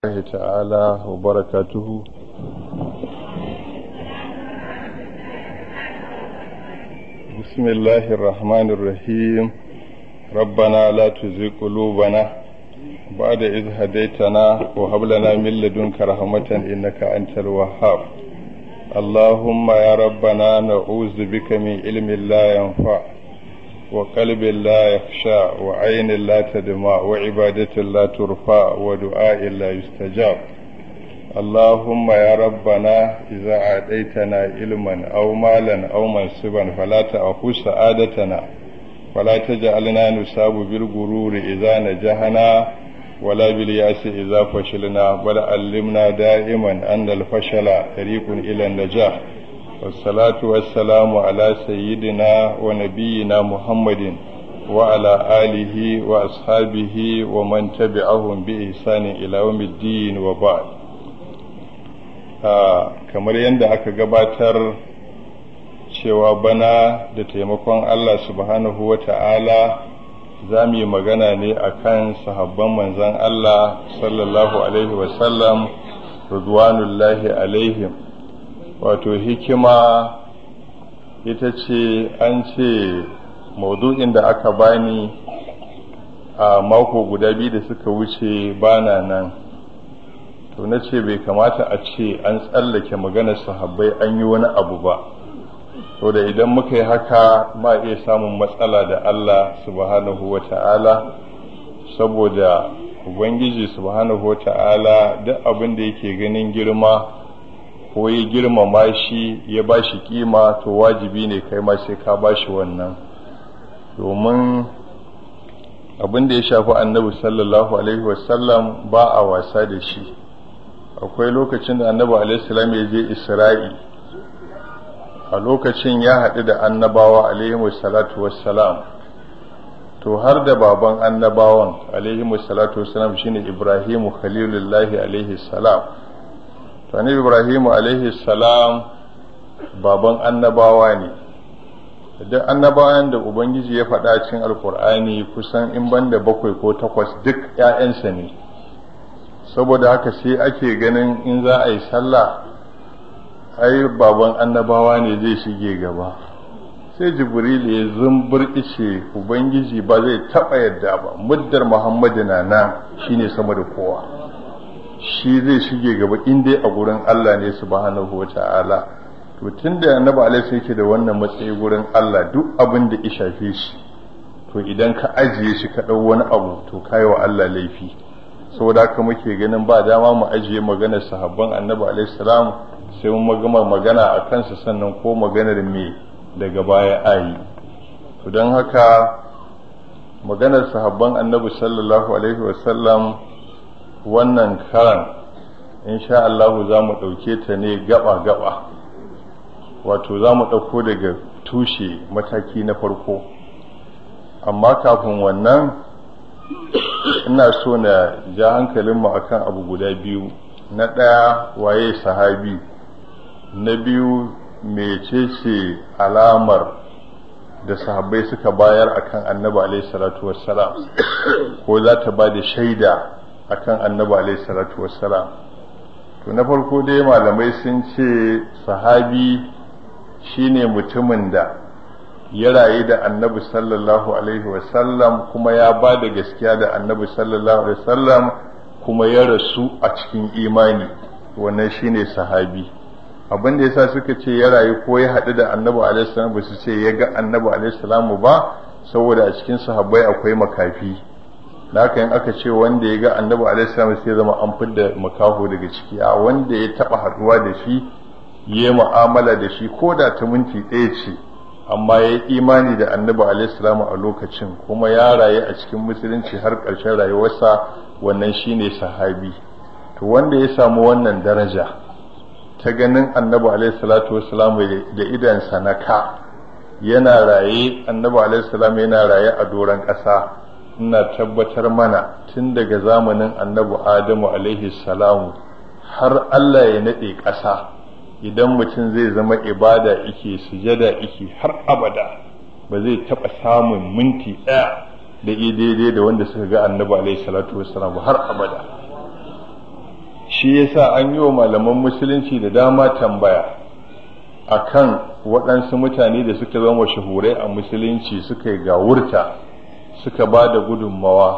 الله تعالى وبركاته بسم الله الرحمن الرحيم ربنا لا تزغ قلوبنا بعد إذ هديتنا وهب لنا من لدنك رحمة إنك أنت الوهاب اللهم يا ربنا نعوذ بك من علم لا ينفع وقلب لا يخشع وعين لا تدمع وعبادة لا ترفع ودعاء لا يستجاب اللهم يا ربنا إذا أعطيتنا علما أو مالا أو منصبا فلا تأخذ سعادتنا ولا تجعلنا نصاب بالغرور إذا نجحنا ولا بالياس إذا فشلنا بل علمنا دائما أن الفشل طريق إلى النجاح والصلاة والسلام على سيدنا ونبينا محمد وعلى آله وأصحابه ومن تبعهم بإحسان إلى يوم الدين وبعد kamar yadda aka gabatar cewa bana da taimakon Allah subhanahu wa ta'ala za mu yi magana ne a kan sahabban manzan Allah sallallahu Alaihi wasallam, Ridwanullahi alaihim. wato hikima ita ce an ce maudu'in da aka bani a mako guda biyu da suka wuce bana nan to na ce bai kamata a ce an tsallake maganar sahabbai an yi wani abu ba to da idan muka yi haka ma iya samun matsala da Allah subhanahu wa ta'ala saboda ubangiji subhanahu wa ta'ala duk abin da yake ganin girma ko ya girmama shi ya ba shi kima to wajibi ne kai ma sai ka ba shi wannan domin abin da ya shafi annabi sallallahu alaihi wasallam ba a wasa da shi akwai lokacin da annabi alaihi salam ya je isra'i a lokacin ya haɗu da annabawa alaihi salatu wassalam to har da baban annabawan alaihi salatu wassalam shine ibrahimu khalilullahi alaihi salam to ibrahim alaihi salam baban annabawa ne duk annabawan da ubangiji ya faɗa cikin alkur'ani kusan in banda bakwai ko takwas duk ƴaƴansa ne saboda haka sai ake ganin in za a yi sallah ai baban annabawa ne zai shige gaba sai jibril ya zumbur ice ubangiji ba zai taɓa yadda ba muddar muhammadu na nan shine sama da kowa shi zai shige gaba in dai a gurin Allah ne subhanahu wa ta'ala to tunda annabi alaihi yake da wannan matsayi gurin Allah duk abin da ya shafe shi to idan ka ajiye shi ka dau wani abu to kai wa Allah laifi saboda haka muke ganin ba dama mu ajiye maganar sahabban annabi alaihi salam sai mun magama magana a kansa sannan ko maganar me daga baya ayi to don haka maganar sahabban annabi sallallahu alaihi wasallam wannan karan sha Allah za mu ɗauke ta ne gaba-gaba wato za mu ɗauko daga tushe mataki na farko amma kafin wannan ina so na ja hankalinmu akan abu guda biyu na ɗaya waye sahabi na biyu me ce alamar da sahabbai suka bayar akan annabi alaihi salatu wassalam ko za ta ba da shaida akan annabi alaihi salatu wassalam to na farko dai malamai sun ce sahabi shine mutumin da ya rayu da annabi sallallahu alaihi wasallam kuma ya ba da gaskiya da annabi sallallahu alaihi wasallam kuma ya rasu a cikin imani wannan shine sahabi abin da yasa suka ce ya rayu ko ya haɗu da annabi alaihi salam ba su ce ya ga annabi alaihi salam ba saboda a cikin sahabbai akwai makafi n'aka yin aka ce wanda ya ga annabi alaihi salam sai zama an fidda makaho daga ciki a wanda ya taba haduwa da shi ya yi mu'amala da shi ko da ta minti ɗaya ce amma ya yi imani da annabi alaihi salam a lokacin kuma ya rayu a cikin musulunci har ƙarshen rayuwarsa wannan shine sahabi to wanda ya samu wannan daraja ta ganin annabi alaihi salatu wasalam da idansa na ka yana raye annabi alaihi salam yana raye a doron ƙasa ina tabbatar mana tun daga zamanin annabi adamu alaihi salamu har Allah ya naɗe ƙasa idan mutum zai zama ibada ike sujada ike har abada ba zai taɓa samun minti ɗaya da daidai da wanda suka ga annabi alaihi salatu wassalam har abada shi yasa an yi wa malaman musulunci da dama tambaya akan waɗansu mutane da suka zama shahurai a musulunci suka yi gawurta suka ba da gudunmawa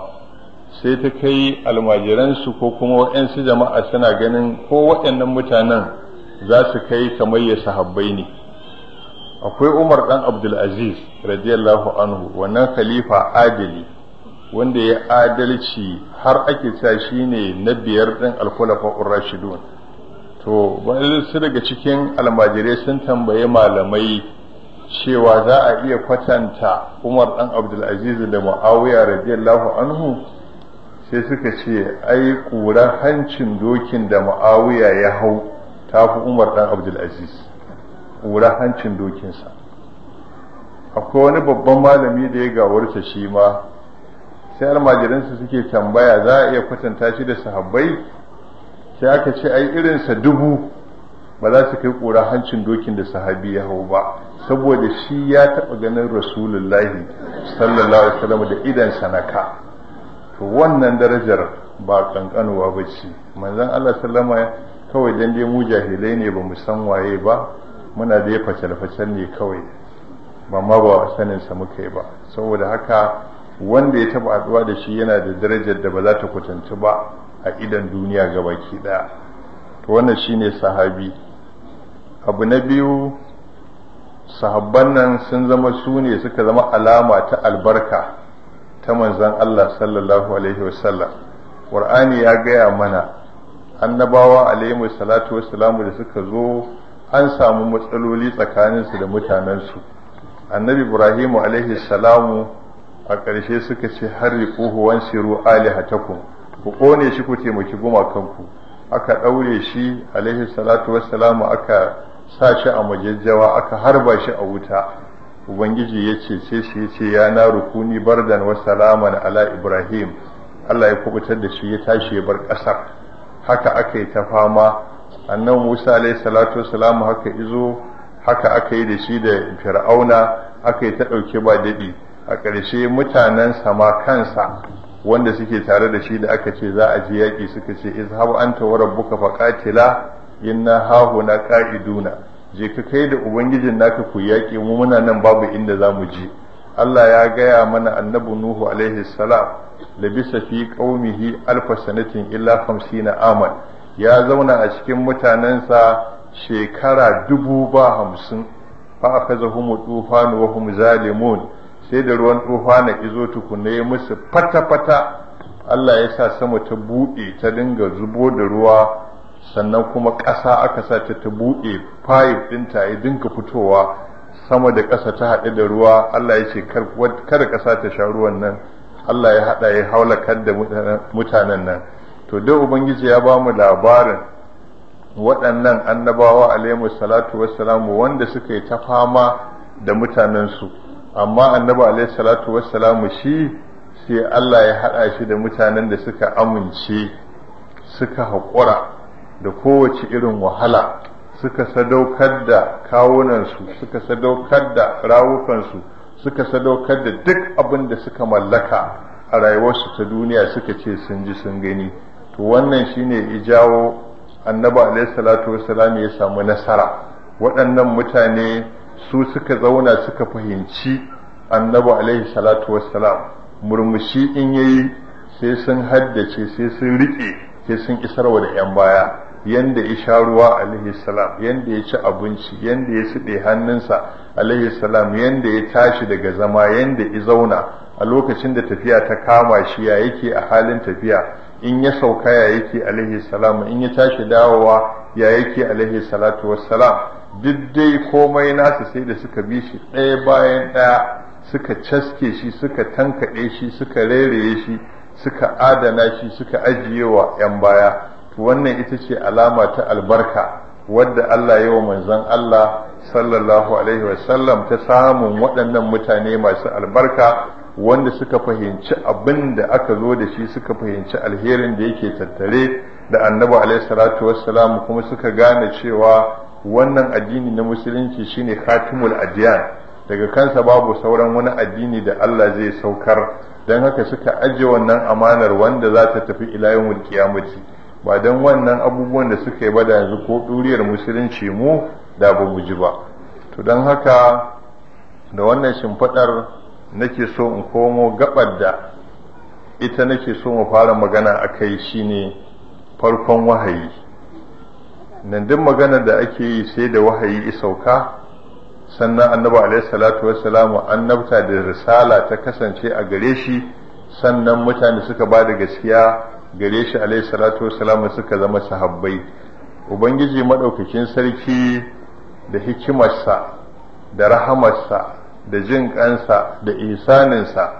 sai ta kai almajiransu ko kuma waɗansu jama'a suna ganin ko waɗannan mutanen za su kai kamar ya sahabbai ne akwai umar ɗan abdulaziz radiyallahu anhu wannan khalifa adali wanda ya adalci har ake sa shi ne na biyar ɗin alkulafa'ur rashidun to wani su daga cikin almajirai sun tambayi malamai cewa za a iya kwatanta umar dan abdulaziz da muawiya radiyallahu anhu sai suka ce ai ƙura hancin dokin da muawiya ya hau ta fi umar dan abdulaziz ƙura hancin dokinsa akwai wani babban malami da ya gawarta shi ma sai almajiransa suke tambaya za a iya kwatanta shi da sahabbai sai aka ce ai irinsa dubu ba za su kai ƙura hancin dokin da sahabi ya hau ba saboda shi ya taɓa ganin rasulullahi sallallahu alaihi wasallam da idan sanaka to wannan darajar ba kankanuwa ba ce manzon Allah sallama kawai dan dai mu jahilai ne ba mu san waye ba muna da ya facel ne kawai ba ma ba sanin sa muka yi ba saboda haka wanda ya taɓa haɗuwa da shi yana da darajar da ba za ta kwatanci ba a idan duniya gabaki ɗaya to wannan shine sahabi abu na biyu sahabban nan sun zama su ne suka zama alama ta albarka ta manzan Allah sallallahu alaihi wasallam ƙur'ani ya gaya mana annabawa alaihi salatu wasu da suka zo an samu matsaloli tsakaninsu da mutanensu annabi ibrahimu alaihi salamu a ƙarshe suka ce har riƙuhu wan siru alihatakum ku ƙone shi ku taimaki gumakanku aka ɗaure shi alaihi salatu wasalamu aka sa shi a majajjawa aka harba shi a wuta ubangiji ya cece shi ya ce ya na rukuni bardan wa salaman ala ibrahim Allah ya kubutar da shi ya tashi ya bar ƙasar haka aka yi ta fama annan musa alayhi salatu wasalam haka izo haka aka yi da shi da fir'auna aka yi ta ɗauke ba daɗi a ƙarshe mutanen sama kansa wanda suke tare da shi da aka ce za a ji yaƙi suka ce izhab anta wa rabbuka faqatila inna hahuna ka'iduna je ka kai da ubangijin naka ku yaƙi mu muna nan babu inda za mu je Allah ya gaya mana annabi Nuhu alaihi salam labisa fi qaumihi alfa sanatin illa 50 aman ya zauna a cikin mutanensa shekara dubu ba hamsin fa akazahum tufan wa hum zalimun sai da ruwan tufana izo tukunne musu fata fata Allah ya sa sama ta buɗe ta dinga zubo da ruwa sannan kuma ƙasa aka sace ta buɗe fayif ɗinta ya dinka fitowa sama da ƙasa ta haɗe da ruwa Allah ya ce kada ƙasa ta sha ruwan nan Allah ya haɗa ya haulakar da mutanen nan to dai ubangiji ya ba mu labarin waɗannan annabawa alaihi salatu wassalamu wanda suka yi ta fama da mutanensu amma annabi alaihi salatu wassalamu shi sai Allah ya haɗa shi da mutanen da suka amince suka haƙura da kowace irin wahala suka sadaukar da kawunansu suka sadaukar da rawukansu suka sadaukar da duk abin da suka mallaka a rayuwarsu ta duniya suka ce sun ji sun gani to wannan shine ya jawo annabi salatu wassalam ya samu nasara waɗannan mutane su suka zauna suka fahimci annabi salatu wassalam murmushi in yayi sai sun haddace sai sun riƙe sai sun isarwa da 'yan baya yanda ya sha ruwa alaihi salam yanda ya ci abinci yanda ya sude hannunsa alaihi salam yanda ya tashi daga zama yanda ya zauna a lokacin da tafiya ta kama shi ya yake a halin tafiya in ya sauka ya yake alaihi salam in ya tashi dawowa ya yake alaihi salatu wassalam duk dai komai nasa sai da suka bi shi ɗaya bayan ɗaya suka caske shi suka tankaɗe shi suka rereye shi suka adana shi suka ajiyewa 'yan baya wannan ita ce alama ta albarka wadda Allah yi wa manzon Allah sallallahu alaihi wasallam ta samun waɗannan mutane masu albarka wanda suka fahimci abin da aka zo da shi suka fahimci alherin da yake tattare da annabi alaihi salatu wassalam kuma suka gane cewa wannan addini na musulunci shine khatimul adiyan daga kansa babu sauran wani addini da Allah zai saukar don haka suka ajiye wannan amanar wanda za ta tafi ila yawmul qiyamati ba don wannan abubuwan da suka yi ba da yanzu ko ɗuriyar musulunci mu da ba mu ba to don haka da wannan shimfiɗar nake so in komo gabar da ita nake so mu fara magana a kai shine farkon wahayi nan duk magana da ake yi sai da wahayi isauka sannan annabi alaihi salatu wassalamu annabta da risala ta kasance a gare shi sannan mutane suka ba da gaskiya gare shi alaihi salatu wasalam suka zama sahabbai ubangiji madaukakin sarki da hikimarsa da rahamarsa da jin kansa da isaninsa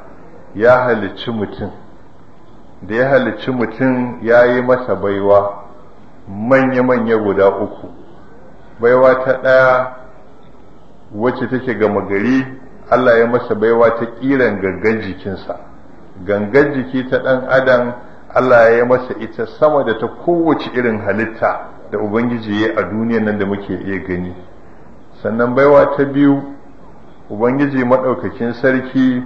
ya halicci mutum da ya halicci mutum ya yi masa baiwa manya-manya guda uku baiwa ta ɗaya wacce take gama gari Allah ya masa baiwa ta ƙiran gangan jikinsa gangan jiki ta ɗan adam Allah ya yi masa ita sama da ta kowace irin halitta da Ubangiji ya a duniyar nan da muke iya gani sannan baiwa ta biyu Ubangiji maɗaukakin sarki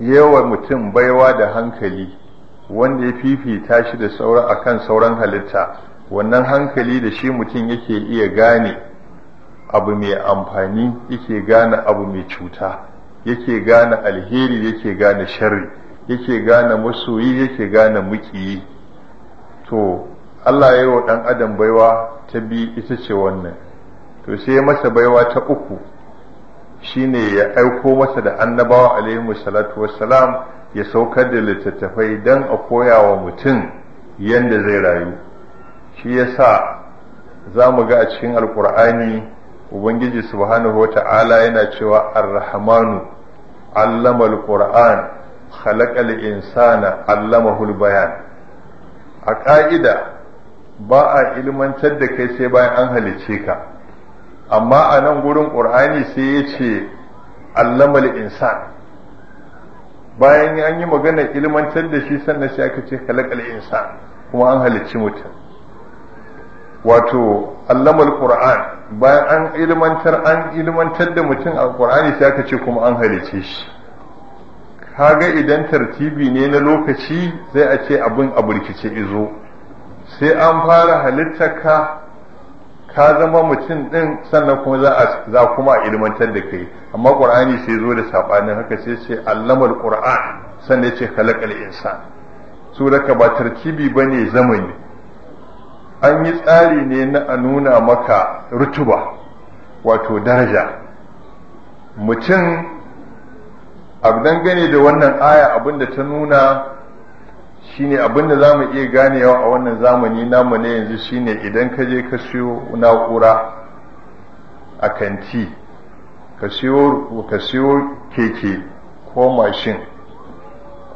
yawa mutum baiwa da hankali wanda ya fifita shi da sauran akan sauran halitta wannan hankali da shi mutum yake iya gane abu mai amfani yake gane abu mai cuta yake gane alheri yake gane sharri yake gane masoyi yake gane mukiyi to Allah ya yi wa ɗan adam baiwa ta bi ita ce wannan to sai ya masa baiwa ta uku shine ya aiko masa da annabawa alaihi salatu wassalam ya saukar da littattafai don a koya wa mutum yadda zai rayu shi yasa za mu ga a cikin alkur'ani ubangiji subhanahu ta'ala yana cewa arrahmanu allama alkur'an khalaqal insana allamahul bayan a ƙa'ida ba a ilmantar da kai sai bayan an halicce ka amma a nan gurin ƙur'ani sai ya ce allamal insan bayan an yi magana ilmantar da shi sannan sai aka ce halakal insan kuma an halicci mutum wato allamal ƙur'an bayan an ilmantar an ilmantar da mutum a ƙur'ani sai aka ce kuma an halicce shi kaga idan tartibi ne na lokaci sai a ce abin a burkice izo sai an fara halittar ka ka zama mutum ɗin sannan kuma za a kuma ilmantar da kai amma qur'ani sai zo da sabanin haka sai ce allamal qur'an sannan ce khalaqal insan raka ba tartibi bane zamani an yi tsari ne na a nuna maka rutuba wato daraja mutum abu dangane da wannan aya abinda ta nuna shine abinda za mu iya ganewa a wannan zamani namu ne yanzu shine idan ka je ka siyo na'ura a kanti ka siyo keke ko mashin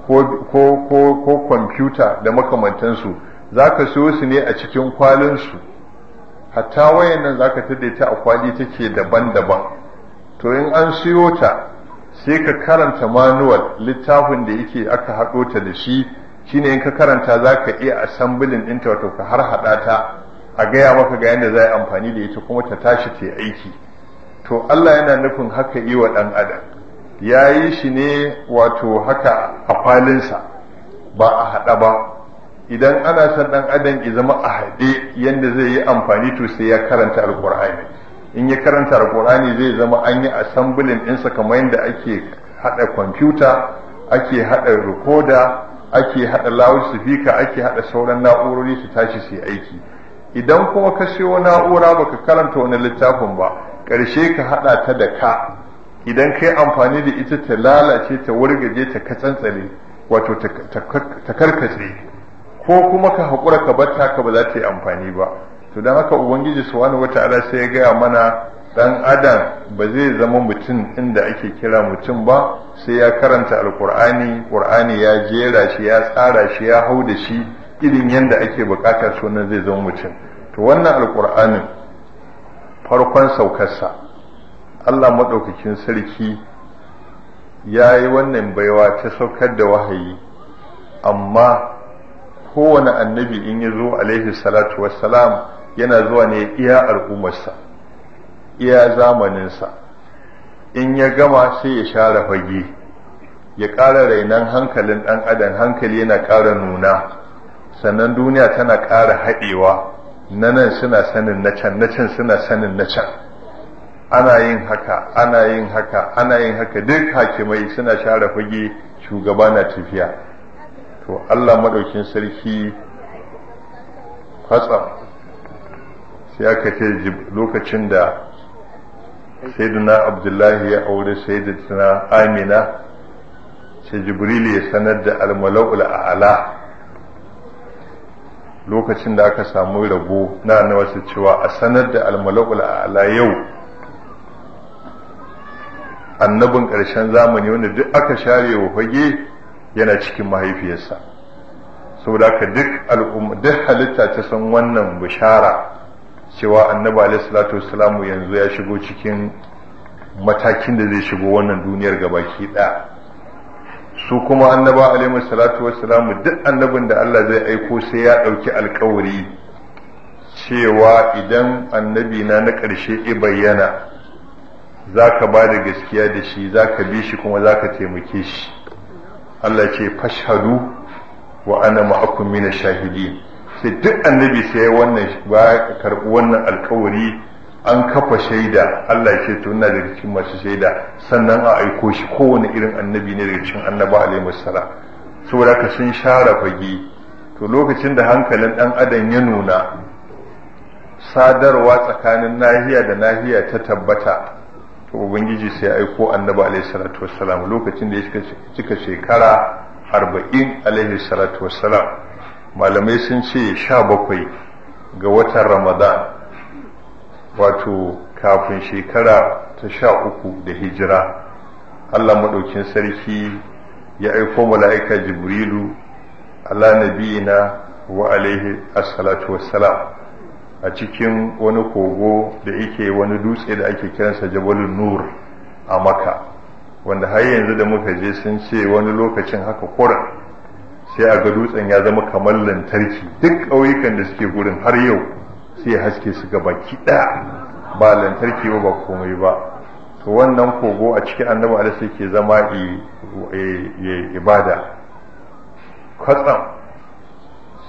ko kwamfuta da makamantansu za ka siyo su ne a cikin kwalinsu hatta wayannan za ka ta a kwali take daban-daban to in an siyo ta sai ka karanta manual littafin da yake aka haɗo ta da shi shine in ka karanta za ka iya asambilin ɗinta wato ka har haɗa ta a gaya maka ga yadda za a yi amfani da ita kuma ta tashi ta aiki to Allah yana nufin haka yi wa ɗan adam ya yi shi ne wato haka a falinsa ba a haɗa ba idan ana son ɗan adam ya zama a haɗe yadda zai yi amfani to sai ya karanta alkur'ani in ya karanta alkur'ani zai zama an yi assembling ɗinsa kamar yadda ake haɗa kwamfuta ake haɗa rikoda ake haɗa loudspeaker ake haɗa sauran na'urori su tashi su yi aiki idan kuma ka siyo na'ura baka karanta wani littafin ba ƙarshe ka haɗa ta da ka idan ka yi amfani da ita ta lalace ta wargaje ta katsantsale wato ta karkace ko kuma ka haƙura ka ta ka ba za ta yi amfani ba to dan haka ubangiji subhanahu wataala sai ya gaya mana dan adam ba zai zama mutum inda ake kira mutum ba sai ya karanta alkur'ani qur'ani ya jera shi ya tsara shi ya hau da shi irin yadda ake bukata sunan zai zama mutum to wannan alkur'anin farkon saukarsa Allah maɗaukakin sarki ya yi wannan baiwa ta saukar da wahayi amma kowane annabi in ya zo alaihi salatu wassalam yana zuwa ne iya al'ummarsa iya zamaninsa in ya gama sai ya share fage ya ƙara rainan hankalin ɗan adam hankali yana ƙara nuna sannan duniya tana ƙara haɗewa na nan suna sanin na can na can suna sanin na can ana yin haka ana yin haka ana yin haka duk hakimai suna share fage shugaba na tafiya to allah maɗaukin sarki kwatsam sai aka ce lokacin da sayyidina abdullahi ya aure sayyidina amina sai jibril ya sanar da almala'ul a'ala lokacin da aka samu rabo na na wasu cewa a sanar da almala'ul a'ala yau annabin ƙarshen zamani wanda duk aka share wa fage yana cikin mahaifiyarsa saboda ka duk duk halitta ta san wannan bishara cewa annabi alaihi salatu wassalamu yanzu ya shigo cikin matakin da zai shigo wannan duniyar baki ɗaya su kuma annaba alaihi salatu wassalamu duk annabin da Allah zai aiko sai ya ɗauki alkawari cewa idan annabi na na ƙarshe i bayyana za ka ba da gaskiya da shi za ka bi shi kuma za ka taimake shi Allah ce fashhadu wa ana ma'akum mina shahidin sai duk annabi sai wannan ba karɓi wannan alkawari an kafa shaida Allah ya ce to ina daga cikin masu shaida sannan a aiko shi kowane irin annabi ne daga cikin annaba alaihi wassalam saboda ka sun share fage to lokacin da hankalin dan adam ya nuna sadarwa tsakanin nahiya da nahiya ta tabbata to ubangiji sai aiko annabi alaihi salatu wassalam lokacin da ya cika shekara arba'in alaihi salatu wassalam malamai sun ce sha bakwai ga watan ramadan wato kafin shekara ta sha uku da hijira allah maɗaukin sarki ya aiko mala'ika jibrilu ala nabiyina wa alaihi assalatu wassalam a cikin wani kogo da yake wani dutse da ake kiransa jabalun nur a maka wanda har yanzu da muka je sun ce wani lokacin haka kuran sai a ga dutsen ya zama kamar lantarki duk ƙauyukan da suke gurin har yau sai haske su ga baki ɗaya ba lantarki ba ba komai ba to wannan kogo a cikin annabi alaihi ke zama ibada kwatsam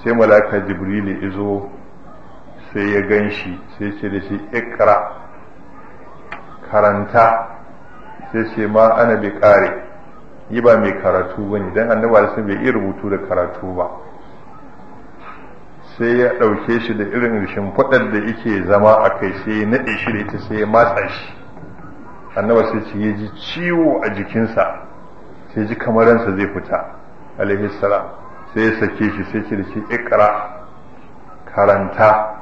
sai malaka jibrilu izo sai ya gan shi sai ce da shi ikra karanta sai ce ma ana bi kare yi ba mai karatu ba ne don annaba da bai iya rubutu da karatu ba sai ya ɗauke shi da irin shimfiɗar da yake zama a kai sai ya naɗe shi da ita sai ya matsa shi annaba sai ce ya ji ciwo a jikinsa sai ji kamaransa zai fita alaihi salam sai ya sake shi sai ce da shi ikra karanta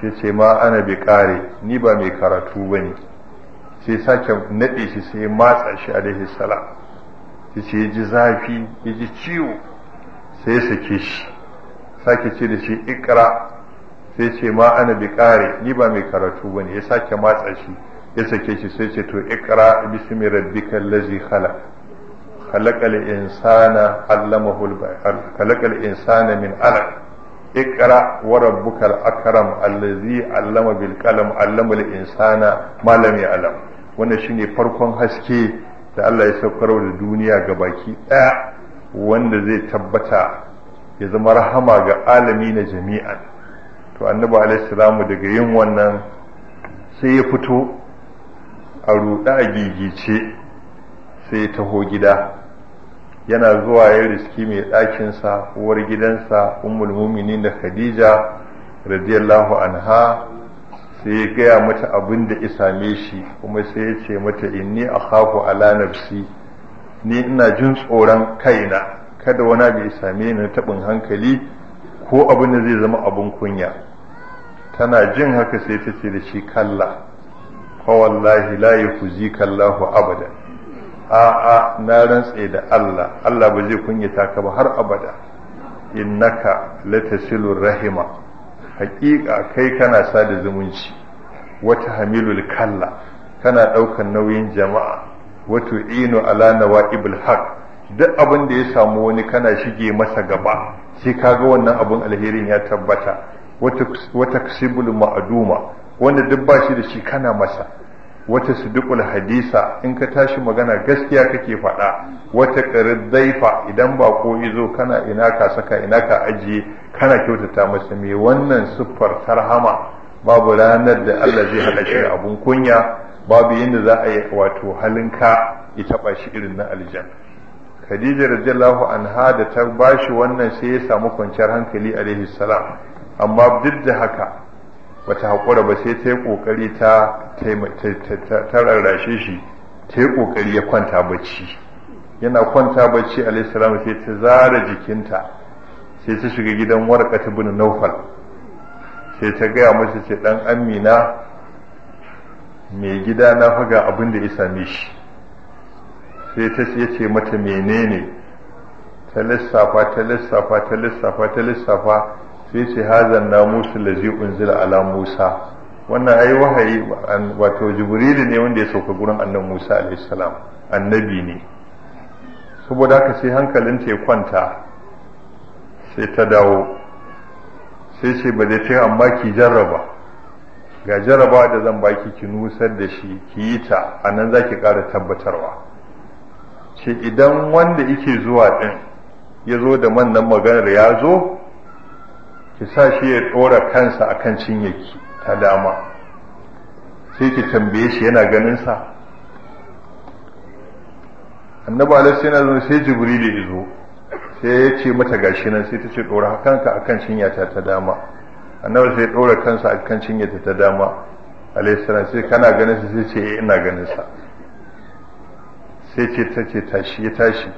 sai ce ma ana bi kare ni ba mai karatu ba ne sai sake naɗe shi sai matsa shi alaihi salam ya ce ya ji zafi ya ji ciwo sai sake shi sake ce da shi ikra sai ce ma ana bi kare ni ba mai karatu bane ya sake matsa shi ya sake shi sai ce to ikra bismi rabbikal ladzi khalaq khalaqal insana allamahu al-bayan khalaqal insana min alaq اقرا وربك الاكرم الذي علم بالقلم علم الانسان ما لم يعلم wannan shine farkon haske da Allah ya saukarwa da duniya ga baki ɗaya wanda zai tabbata ya zama rahama ga alami na jami'an to annabi alaihissalamu daga yin wannan sai ya fito a ruɗa a gigice sai ya taho gida yana zuwa ya riski mai ɗakinsa uwar gidansa ummul muminin da khadija radiyallahu anha sai ya gaya mata abin da ya same shi kuma sai ya ce mata inni a ala nafsi ni ina jin tsoron kaina kada wani bai same ni tabin hankali ko abin da zai zama abin kunya tana jin haka sai ta ce da shi kalla fa wallahi la yukhzika abada a'a na rantse da Allah Allah ba zai kunyata ka ba har abada innaka latasilur rahima haƙiƙa kai kana sada zumunci wata hamilul kalla kana daukan nauyin jama'a wato inu ala nawa'ibul haq duk abin da ya samu wani kana shige masa gaba sai kaga wannan abin alherin ya tabbata wata kusibul ma'aduma wanda duk ba da shi kana masa wata siddiqul hadisa in ka tashi magana gaskiya kake faɗa wata daifa, idan ba ko izo kana ina ka saka ina ka ajiye kana kyautata masa me wannan siffar tarhama babu ranar da Allah zai haɗa shi abun kunya babu yadda za a yi wato halinka ya taɓa shi irin na aljan Khadija radiyallahu anha da ta bashi wannan sai ya samu kwanciyar hankali alaihi salam amma duk da haka bata haƙura ba sai ta yi ƙoƙari ta rarrashe shi ta yi ƙoƙari ya kwanta bacci yana kwanta bacci alaihissalam sai ta zara jikinta sai ta shiga gidan ta bin naufal sai ta gaya masa ce ɗan amina mai gida na faga abin da ya same shi sai ta ce mata menene ta lissafa ta lissafa ta lissafa ta lissafa sai ce hazan da lazi unzila ala musa wannan ai wahayi wato jibrilu ne wanda ya sauka gurin annabi musa alaihi salam annabi ne saboda haka sai hankalinta ya kwanta sai ta dawo sai ce ba da ta amma ki jarraba ga jarraba da zan baki ki nusar da shi ki yi ta a nan za ki ƙara tabbatarwa ce idan wanda yake zuwa ɗin ya zo da mannan maganar ya zo ki sa shi ya ɗora kansa akan cinyaki ta dama sai ki tambaye shi yana ganin sa annabi alaihi sallam sai jibrilu ya zo sai ya ce mata gashi nan sai ta ce ɗora kanka akan cinyata ta dama annabi sai ya ɗora kansa akan cinyata ta dama alaihi salam sai kana ganin sa sai ce eh, ina ganin sa sai ce ta ce tashi ya tashi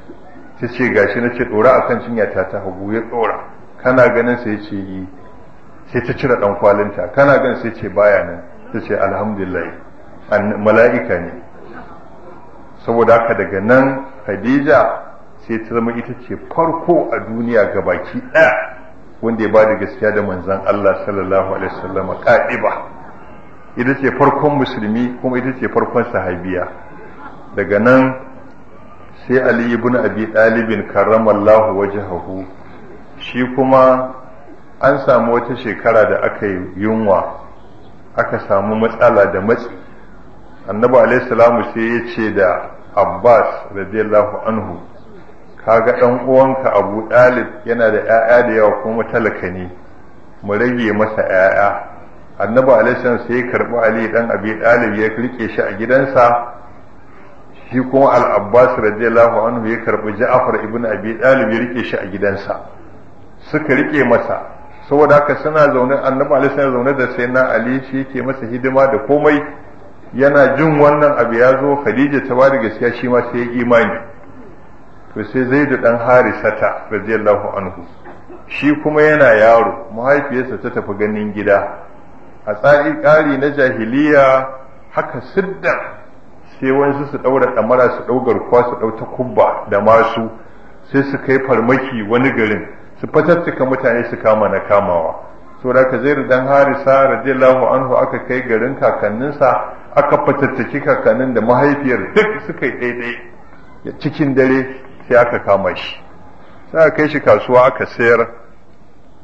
ta ce gashi na ce ɗora akan cinyata ta hagu ya ɗora kana ganin sai ce yi eh, sai ta cire dan kwalinta kana ganin sai ce baya nan ta ce alhamdulillah mala'ika ne saboda haka daga nan Khadija sai ta zama ita ce farko a duniya ga baki ɗaya wanda ya bada gaskiya da manzan Allah sallallahu alaihi wasallam ƙaɗiba ita ce farkon musulmi kuma ita ce farkon sahabiya daga nan sai Ali ibn Abi Talib karramallahu wajhahu shi kuma an samu wata shekara da aka yunwa aka samu matsala da matsi annabi alaihissalamu sai ya ce da abbas radiyallahu anhu kaga ɗan uwanka abu ɗalib yana da 'ya'ya da yawa kuma talaka ne mu rage masa 'ya'ya annabi salamu sai ya karɓi ali ɗan abi ɗalib ya rike shi a gidansa shi kuma al-abbas radiyallahu anhu ya karɓi ja'far ibn abi ɗalib ya rike shi a gidansa suka rike masa saboda haka suna zaune annabi ali suna zaune da sai na ali shi yake masa hidima da komai yana jin wannan abu ya zo khadija ta bada gaskiya shi ma sai ya imani to sai da dan harisata radiyallahu anhu shi kuma yana yaro mahaifiyarsa ta tafi ganin gida a tsari kari na jahiliya haka sidda sai wani su ɗaura mara su daugar garkuwa su kubba da masu sai su kai farmaki wani garin su fatattaka mutane su kama na kamawa saboda ka zai dan harisa radiyallahu anhu aka kai garin kakanninsa aka fatattaki kakannin da mahaifiyar duk suka yi daidai cikin dare sai aka kama shi sai aka kai shi kasuwa aka sayar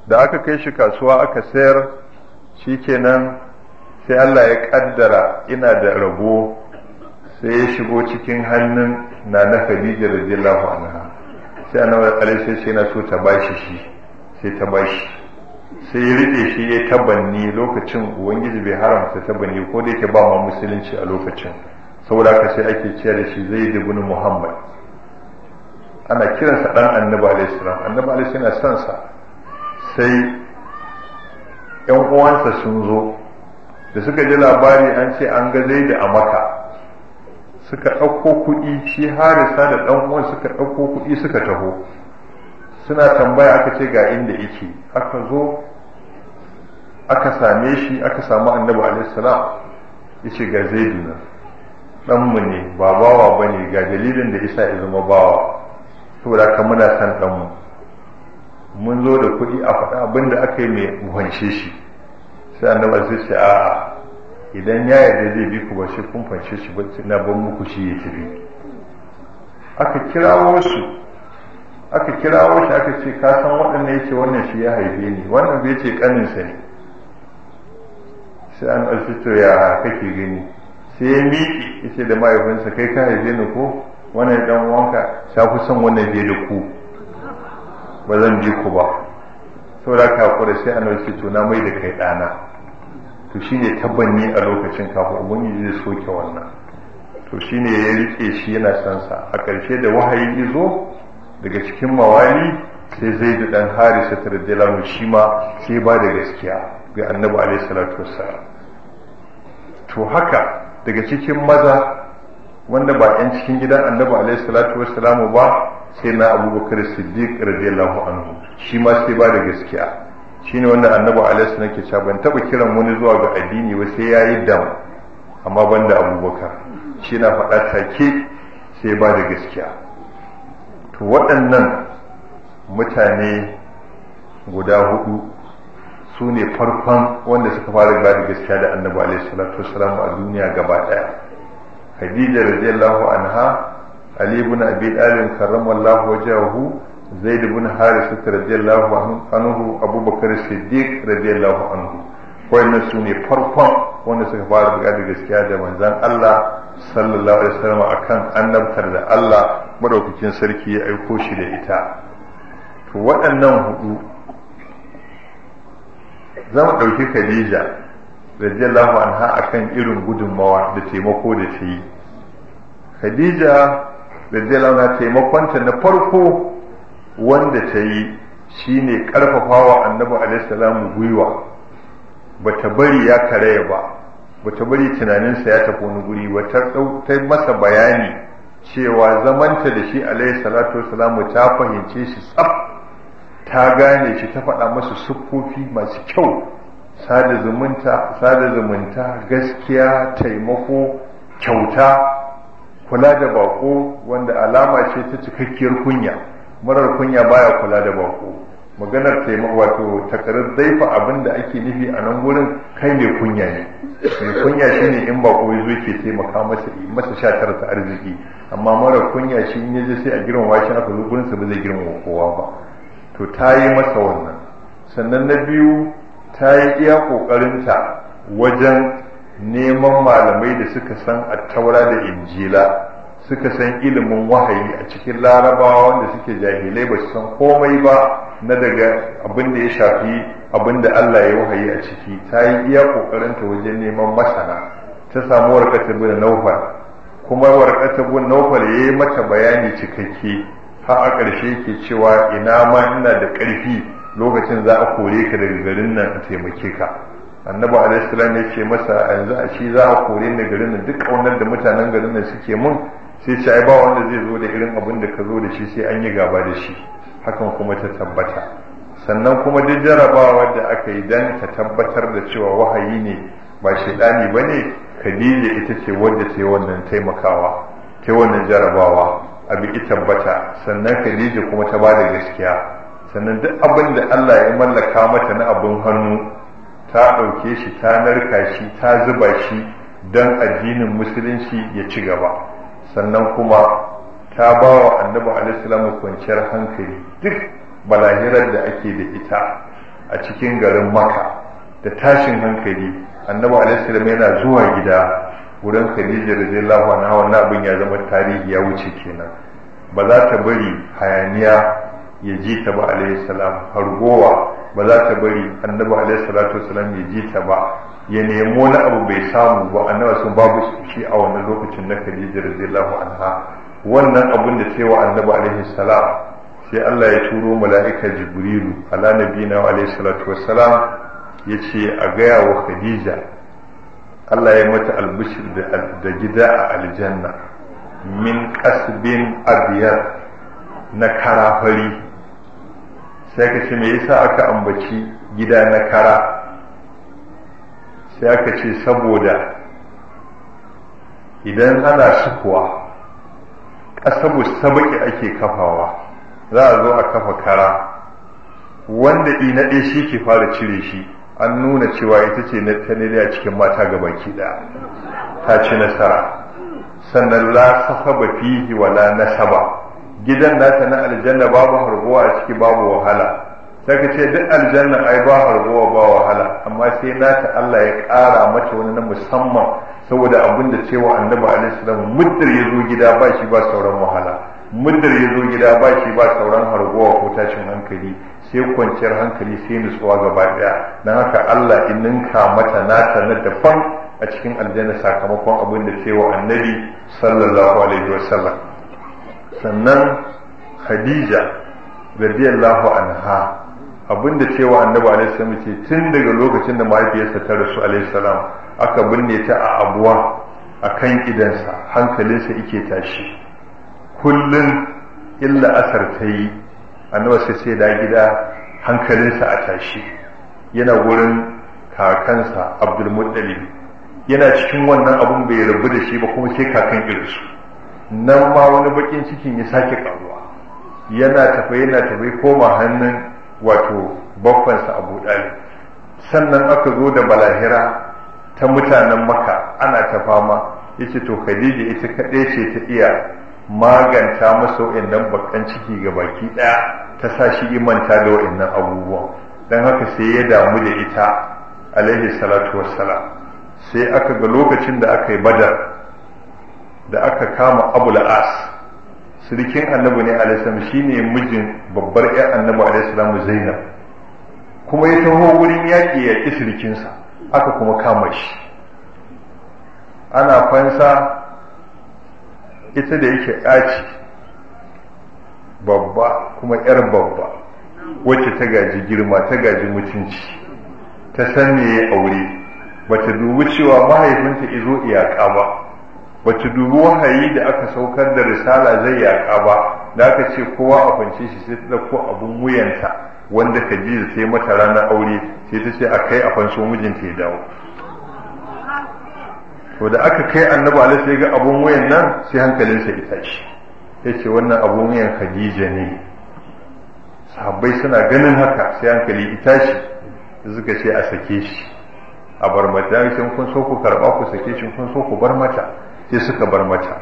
da aka kai shi kasuwa aka sayar shi shikenan sai Allah ya kaddara ina da rabo sai ya shigo cikin hannun na na Khadija radiyallahu anha sai nawa tsare sai na so ta bashi shi sai ta bashi sai ya rike shi ya tabanni lokacin ubangiji bai haramta tabanni ko da yake ba ma musulunci a lokacin saboda haka sai ake ciyar da shi zai ibn muhammad ana kiransa ɗan annabi alaihi annabi yana son sa sai yan uwansa sun zo da suka ji labari an ce an ga zai da a maka suka ɗauko kuɗi shi harisa da ɗan uwan suka ɗauko kuɗi suka taho suna tambaya aka ce ga inda yake aka zo aka same shi aka samu annabi alaihi salam yace ga zaidu nan ɗanmu ne ba bawa ba ne ga dalilin da isa ya zama bawa saboda haka muna san ɗanmu mun zo da kuɗi a faɗa abin aka yi mai muhanshe shi sai annabi sai ce a'a idan ya yarda zai bi ku ba shi kun fanshe shi ba na ban muku shi ya tafi aka kirawo su aka kirawo shi aka ce ka san waɗannan yake wannan shi ya haife ni wannan bai ce kaninsa ne sai an to ya kake gani sai ya miƙi yace da mahaifinsa kai ka haife ni ko wannan dan wanka sha ku san wannan bai da ku ba zan bi ku ba saboda ka hakura sai an alfito na mai da kai ɗana to shi ne tabban tabbanni a lokacin kafin ubangiji zai soke wannan to shi ne ya rike shi yana sansa. a ƙarshe da wahayi izo daga cikin mawali sai zai da ɗan harisa ta radiyallahu shi ma sai ba da gaskiya ga annabi alaihi salatu wassalam to haka daga cikin maza wanda ba 'yan cikin gidan annabi alaihi salatu wassalamu ba sai na abubakar siddiq radiyallahu anhu shi ma sai ba da gaskiya Shi wannan wanda annabi alaihi ke cewa ban taba kiran wani zuwa ga addini ba sai yayi dam amma ban banda abubakar shi na faɗa take sai ba da gaskiya to waɗannan mutane guda hudu su ne farkon wanda suka fara ba da gaskiya da annabi alaihi salatu wasalam a duniya gaba ɗaya khadija radiyallahu anha ali ibn abi talib karramallahu wajhahu zaid ibn harisa radiyallahu anhu abubakar siddiq radiyallahu anhu wannan su ne farkon wanda suka fara da gaskiya da manzan Allah sallallahu alaihi wasallam akan annabtar da Allah madaukakin sarki ya aiko shi da ita to waɗannan hudu za ɗauki Khadija radiyallahu anha akan irin gudummawa da taimako da ta yi Khadija radiyallahu anha taimakonta na farko wanda ta yi shi shine karfafawa annabi alaihi salamu gwiwa ta bari ya karaya ba Ba ta bari tunaninsa ya tafi wani guri ba ta masa bayani cewa zamanta da shi alaihissalatu wasalamu ta fahimce shi tsaf ta gane shi ta faɗa masa siffofi masu kyau sada zumunta sada zumunta gaskiya taimako kyauta kula da bako wanda alama ce ta cikakkiyar kunya marar kunya baya kula da bako maganar taimako wato takarar zaifa abin da ake nufi a nan wurin kai mai kunya ne mai kunya shi ne in bako ya zo ke taimaka masa masa shatar ta arziki amma marar kunya shi in je sai a girmama shi aka zo gurin sa ba zai girmama kowa ba to ta yi masa wannan sannan na biyu ta yi iya kokarinta wajen neman malamai da suka san a taura da injila suka san ilimin wahayi a cikin larabawa wanda suke jahilai ba su san komai ba na daga abin da ya shafi abin da Allah ya wahayi a ciki ta yi iya kokarin ta wajen neman masana ta samu warkata bin naufal kuma warkata bin naufal ya yi mata bayani cikakke har a ƙarshe ke cewa ina ma ina da ƙarfi lokacin za a kore ka daga garin nan a taimake ka annabi alaihi ya ce masa yanzu a shi za a kore ni garin nan duk kaunar da mutanen garin nan suke mun sai ce ai ba wanda zai zo da irin abin da ka zo da shi sai an yi gaba da shi hakan kuma ta tabbata sannan kuma duk jarabawa da aka yi dan ta tabbatar da cewa wahayi ne ba shaidani ba ne khadija ita ce wadda ta yi wannan taimakawa ta wannan jarabawa abu tabbata sannan khadija kuma ta bada gaskiya sannan duk abin da allah ya mallaka mata na abin hannu ta ɗauke shi ta narka shi ta zuba shi dan addinin musulunci ya ci gaba sannan kuma ta ba wa annabi alaihi kwanciyar hankali duk balahirar da ake da ita a cikin garin maka da tashin hankali annabi alaihi yana zuwa gida wurin khadija radiyallahu anha wannan abin ya zama tarihi ya wuce kenan ba za ta bari hayaniya ya ji ta ba alaihi salam hargowa ba za ta bari annabi alaihi salatu wasalam ya ji ta ba ya nemo wani abu bai samu ba annabi sun babu shi a wannan lokacin na Khadija radiyallahu anha wannan abun da cewa annabi alaihi salam sai Allah ya turo mala'ika Jibrilu ala nabiyina alaihi salatu wasalam yace a gaya wa Khadija Allah ya mata albishir da gida a aljanna min kasbin abiyar na karafari sai ka ce me yasa aka ambaci gida na kara sai aka ce saboda idan ana sukuwa ƙasabu sabaki ake kafawa za a zo a kafa kara wanda ɗaya shi ke fara cire shi an nuna cewa ita ce na a cikin mata ga baki ɗaya ta ci nasara sannan la sahaba fihi wala nasaba gidan nata na aljanna babu harbuwa a ciki babu wahala sai ka ce duk aljanna ai ba harbuwa ba wahala amma sai nata Allah ya ƙara mata wani na musamman saboda abin da cewa annabi alaihi salam muddar yazo gida ba shi ba sauran wahala muddar yazo gida ba shi ba sauran harbuwa ko tashin hankali sai kwanciyar hankali sai nutsuwa gaba daya don haka Allah in ninka mata nata na daban a cikin aljanna sakamakon abin da cewa annabi sallallahu alaihi wasallam sannan khadija radiyallahu anha da cewa annabi alaihi salam ce tun daga lokacin da mahaifiyarsa ta rasu alaihi salam aka binne ta a abuwa a kan idansa hankalinsa yake tashi kullum illa asar ta yi annabi sai sai da gida hankalinsa a tashi yana gurin kakansa abdulmuttalib yana cikin wannan abun bai rabu da shi ba kuma sai kakan irinsu nan ma wani bakin cikin ya sake karuwa yana tafe yana tafai koma hannun wato baffansa a ɗali sannan aka zo da balahira ta mutanen maka ana ta fama ce to khadija ita kaɗai ce ta iya maganta masa wa'annan bakan ciki ga baki ɗaya ta sa shi imanta da wa'annan abubuwan don haka sai ya damu da ita alaihi salatu wassalam sai aka ga lokacin da aka yi badar da aka kama abu la'as sirikin annabi ne shi shine mijin babbar 'yan annabi alaihissalam zainab kuma ya taho wurin yaƙi ya ƙi sirikinsa aka kuma kama shi ana fansa ita da yake ɗaci babba kuma 'yar babba wacce ta gaji girma ta gaji mutunci ta san me ya aure bata dubi cewa mahaifinta izo iyaka ba Bace dubi wahayi da aka saukar da risala zai yaka ba da aka ce kowa a kwance shi sai ta dauko abun wuyanta wanda ka ji sai mata ranar aure sai ta ce a kai a fanso mijinta ya dawo to da aka kai annabi alaihi sai ga abun wuyan nan sai hankalinsa ya tashi ya ce wannan abun wuyan khadija ne sahabbai suna ganin haka sai hankali ya tashi suka ce a sake shi a bar mata kun so ku karba ku sake shi kun so ku bar mata sai suka bar mata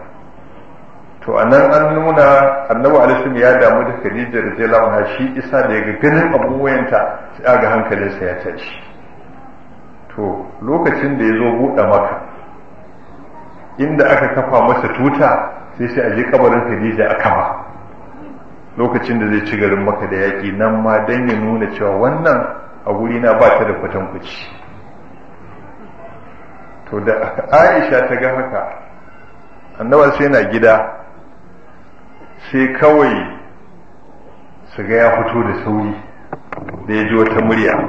to a nan an nuna annabi alaihi ya damu da khadija da ta shi isa da ya ga ganin abubuwanta sai ga hankalinsa ya tashi to lokacin da ya zo buɗe maka inda aka kafa masa tuta sai sai a je kabarin khadija a kama lokacin da zai ci garin maka da yaƙi nan ma don ya nuna cewa wannan a guri na ba ta da kwatankwaci to da aisha ta ga haka Annaba sai yana gida sai kawai su ga ya fito da sauri da ya ji wata murya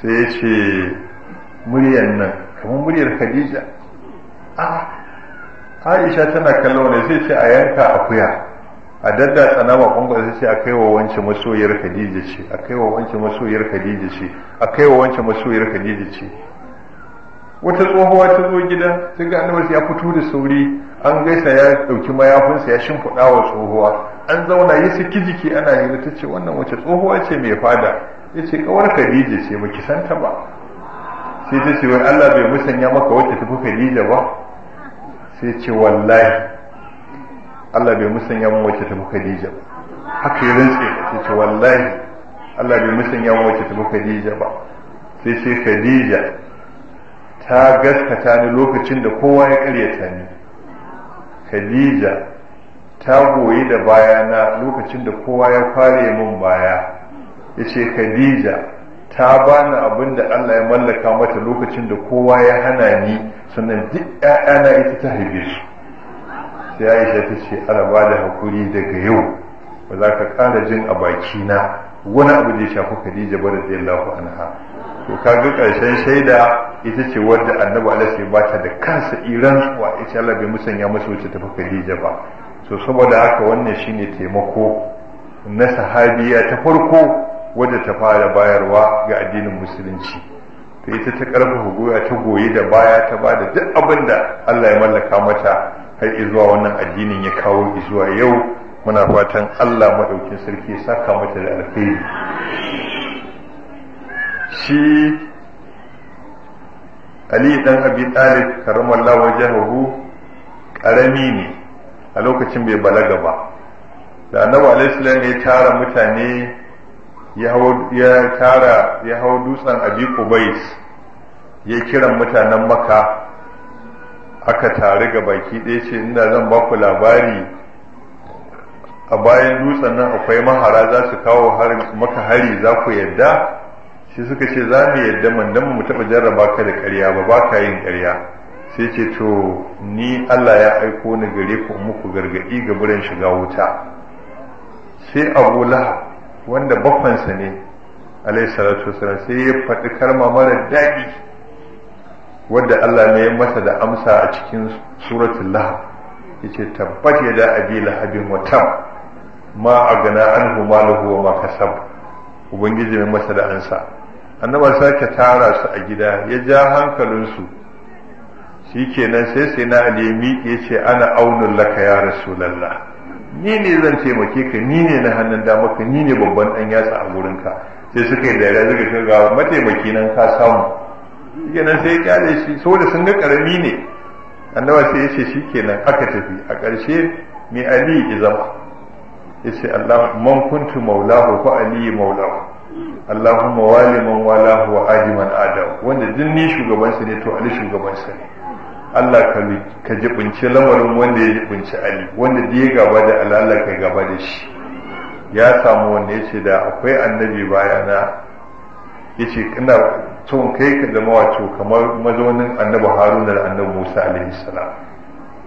sai ya ce muryan nan kamar muryar khadija a ah, aisha tana kallon ne sai ce a yanka akuya a dadda ma kungo sai ce a kai wa wance masoyar khadija ce a kai wa wance masoyar khadija ce a kai wa wance masoyar khadija ce wata tsohuwa ta zo gida ta ga annabi ya fito da sauri an gaisa ya dauki mayafinsa ya shimfiɗa wa tsohuwa an zauna ya saki jiki ana yi ta ce wannan wace tsohuwa ce mai fada ya ce kawar khadija ce ba ki ta ba sai ta ce wai Allah bai musanya maka wacce tafi khadija ba sai ce wallahi Allah bai musanya mun wacce tafi khadija ba haka ya rantse sai ce wallahi Allah bai musanya mun wacce tafi khadija ba sai ce khadija ta gaskata ni lokacin da kowa ya karyata ni khadija ta goyi da bayana lokacin da kowa ya fare min baya ya ce khadija ta bani abin da allah ya mallaka mata lokacin da kowa ya hana ni sannan duk ‘ya'yana ita ta haife su sai aisha ta ce ana ba da hakuri daga yau ba za ka kara jin a bakina wani abu da shafi Khadija ba radiyallahu anha to kaga karshen shaida ita ce wadda annabi alaihi ba bata da kansa iran wa ita Allah bai musanya masa wacce tafi Khadija ba to saboda haka wannan shine taimako na sahabiya ta farko wadda ta fara bayarwa ga addinin musulunci to ita ta karfafa goya ta goyi da baya ta ba da duk abin da Allah ya mallaka mata har zuwa wannan addinin ya kawo zuwa yau muna fatan Allah maɗaukin sarki saka mata da alkhairi shi Ali dan Abi Talib karamallahu wajahu karami ne a lokacin bai balaga ba da annabi alaihi salam ya tara mutane ya tara ya hau dutsen abi kubais ya kiran mutanen maka aka tare ga baki ɗaya ce ina zan baku labari a bayan dutsen nan akwai mahara za su kawo maka hari za ku yadda shi suka ce za mu yadda mandan mu taɓa jarraba ka da ƙarya ba ba ka yin ƙarya sai ce to ni Allah ya aiko ni gare ku muku gargaɗi ga buren shiga wuta sai Abu Lahab wanda bakwansa ne alayhi salatu wasalam sai ya faɗi karma mara daɗi wanda Allah ne ya masa da amsa a cikin suratul Lahab yace tabbat yada abi lahabin wa tam ma agana anhu maluhu wa ma kasab ubangiji mai masa da ansa annaba sake tara su a gida ya ja hankalinsu shikenan sai sai na alimi ya ce ana aunin laka ya lalla. ni ne zan taimake ka ni ne na hannun dama ka ni ne babban dan yatsa a gurinka sai suka yi dariya suka ce ga mataimaki nan ka samu shikenan sai ya ce shi saboda sun ga karami ne annaba sai ya ce shikenan aka tafi a ƙarshe mai ali ya yace Allah man kuntu maulahu fa ali maulahu Allahumma wali man walahu wa adi man adam wanda ni shugaban sa ne to ali shugaban sa ne Allah ka jibinci lamarin wanda ya jibinci ali wanda da ya gaba da Allah kai gaba da shi ya samu wanda yace da akwai annabi bayana yace ina tun kai ka zama wato kamar mazaunin annabi Haruna da annabi Musa alaihi salam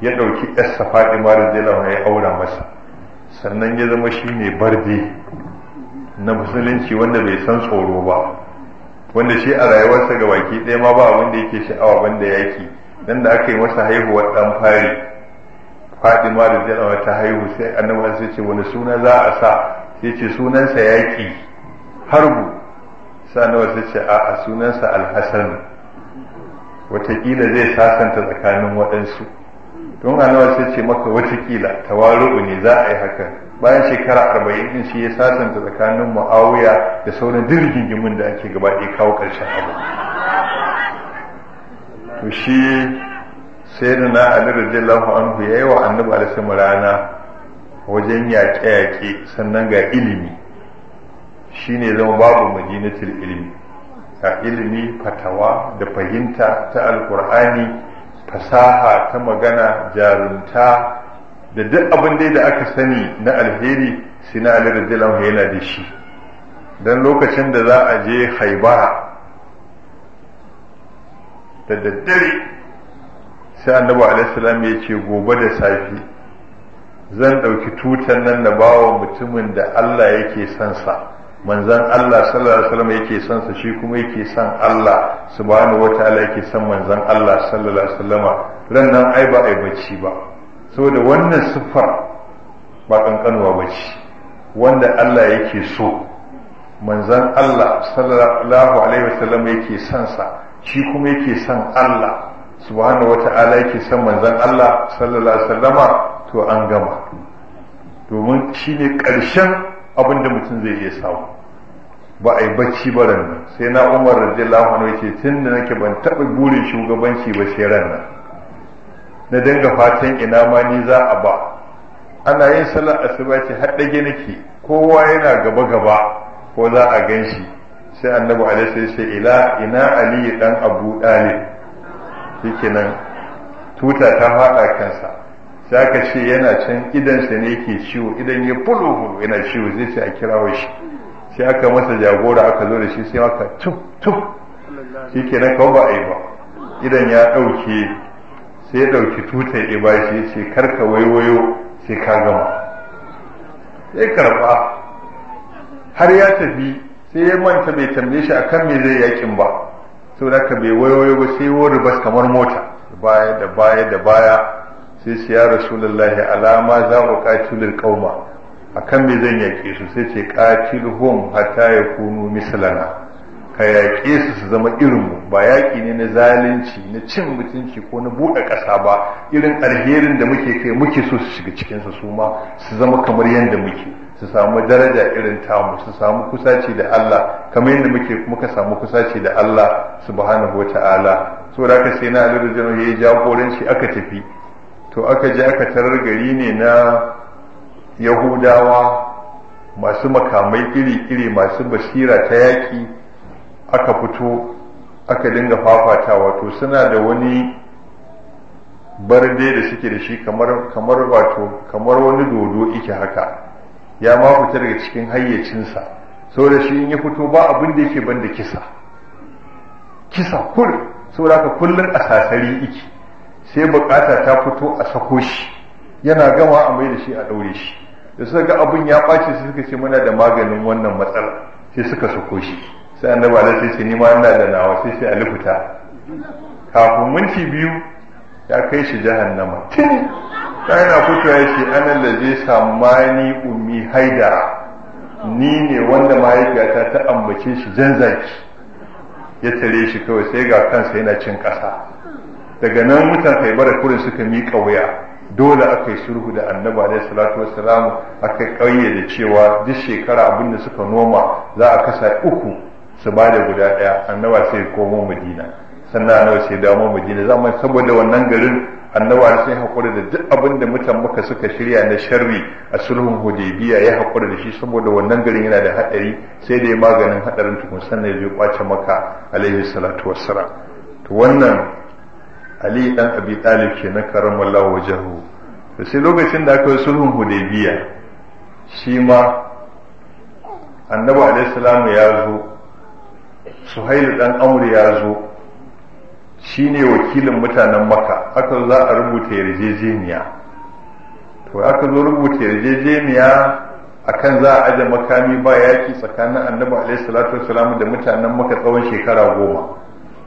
ya dauki Esther Fatima radiyallahu na ya aura masa sannan ya zama shi ne bardi na musulunci wanda bai san tsoro ba wanda shi a rayuwarsa ga baki ɗaya ma ba abin yake sha'awa banda yaki dan da aka yi masa haihuwar dan fari fadima da janawa ta haihu sai annabi sai ce wani suna za a sa sai ce sunansa yaki harbu sanawa sai ce a sunansa alhassan Watakila zai sasanta tsakanin waɗansu tun a nawa ce maka watakila ta tawaru'u ne za a yi hakan bayan shekara arba'in din shi ya sasanta tsakanin ma'awuya da sauran dirgingimin da ake gaba ɗaya kawo ƙarshen abu to shi sai da na ali radiyallahu anhu ya yi wa annabi alaihi rana wajen yaƙe-yaƙe sannan ga ilimi Shi ne zama babu madinatul ilimi ga ilimi fatawa da fahimta ta alkur'ani fasaha ta magana jarumta da duk abin dai da aka sani na alheri sina ali yana da shi dan lokacin da za a je haibara da daddare sai annabi alaihissalam ya ce gobe da safe zan ɗauki tutan nan na bawa mutumin da allah yake son sa Manzan Allah sallallahu alaihi wasallam yake son sa shi kuma yake son Allah subhanahu wataala yake son manzan Allah sallallahu alaihi wasallama ran nan ai ba ai bacci ba saboda wannan siffar ba kankanuwa bacci wanda Allah yake so manzan Allah sallallahu alaihi wasallam yake son sa shi kuma yake son Allah subhanahu wata'ala yake son manzan Allah sallallahu alaihi wasallama to an gama domin shine karshen. abin da mutum zai iya samu ba a yi bacci ba ran sai na umar da radiyallahu hannu yace tun da nake ban taɓa burin shugabanci ba sai ran nan na dinga fatan ina ma ni za a ba ana yin sallar asuba ce haɗage nake kowa yana gaba gaba ko za a gan shi sai annabi alaihi sai ila ina aliyu dan abu dalib shikenan tuta ta faɗa kansa za ka ce yana can idansa ne yake ciwo idan ya fulu yana ciwo zai ce a kirawo shi sai aka masa jagora aka zo da shi sai aka tuk tuk shi na kawo ba a yi ba idan ya ɗauke sai ya ɗauki tutar ya ba shi ce karka waiwayo sai ka gama sai karba, har ya tafi sai ya manta bai tambaye shi akan me zai yakin ba saboda ka bai waiwayo ba sai wori bas kamar mota baya da baya da baya sai su ya rasulullahi alama za mu katilul A kan me zan yaƙe su sai ce hata hatta kunu misalana ka yaƙe su su zama irinmu ba yaƙi ne na zalunci na cin mutunci ko na buɗe ƙasa ba irin alherin da muke kai muke so su shiga cikinsa su ma su zama kamar yadda muke su samu daraja irin tamu su samu kusaci da Allah kamar yadda muke muka samu kusaci da Allah subhanahu wata'ala saboda haka sai na alirar ya jagoranci aka tafi to aka je aka tarar gari ne na yahudawa masu makamai iri-iri masu basira ta yaƙi aka fito aka dinga fafata. Wato suna da wani barde da suke da shi kamar wato kamar wani dodo ike haka ya ma fita daga cikin hayyacinsa da shi in ya fito ba abin da yake banda kisa kisa kur da haka kullum a sasari iki sai bukata ta fito a sako shi yana gama a mai da shi a ɗaure shi da suka ga abin ya ɓace sai suka ce muna da maganin wannan matsala sai suka sako shi sai annaba da sai ce ni ma ina da nawa sai sai a lukuta kafin minti biyu ya kai shi jahannama tun ta yana fito ya ce anan da zai samani ummi haida ni ne wanda mahaifiyata ta ambace shi jan zaki ya tare shi kawai sai ga kansa yana cin ƙasa daga nan mutan haibar kurin suka miƙa wuya dole aka yi sulhu da annabi alaihi salatu wassalamu aka ƙayyade cewa duk shekara abin da suka noma za a kasa uku su ba da guda ɗaya annaba sai komo madina sannan annaba sai dawo madina zaman saboda wannan garin annaba sai haƙura da duk abin da mutan maka suka shirya na sharri a sulhun hudaybiya ya haƙura da shi saboda wannan garin yana da haɗari sai da ya maganin haɗarin tukun sannan ya je kwace maka alaihi salatu wassalam to wannan ali dan abi talib ke na karamallahu wajahu to sai lokacin da aka yi sulhun hudaybiya shi ma annabi alaihi salamu ya zo suhail dan amr ya zo shine wakilin mutanen makka aka za a rubuta yarjejeniya to aka zo rubuta yarjejeniya akan za a aje makami ba yaki tsakanin annabi alaihi salatu wasalam da mutanen maka tsawon shekara goma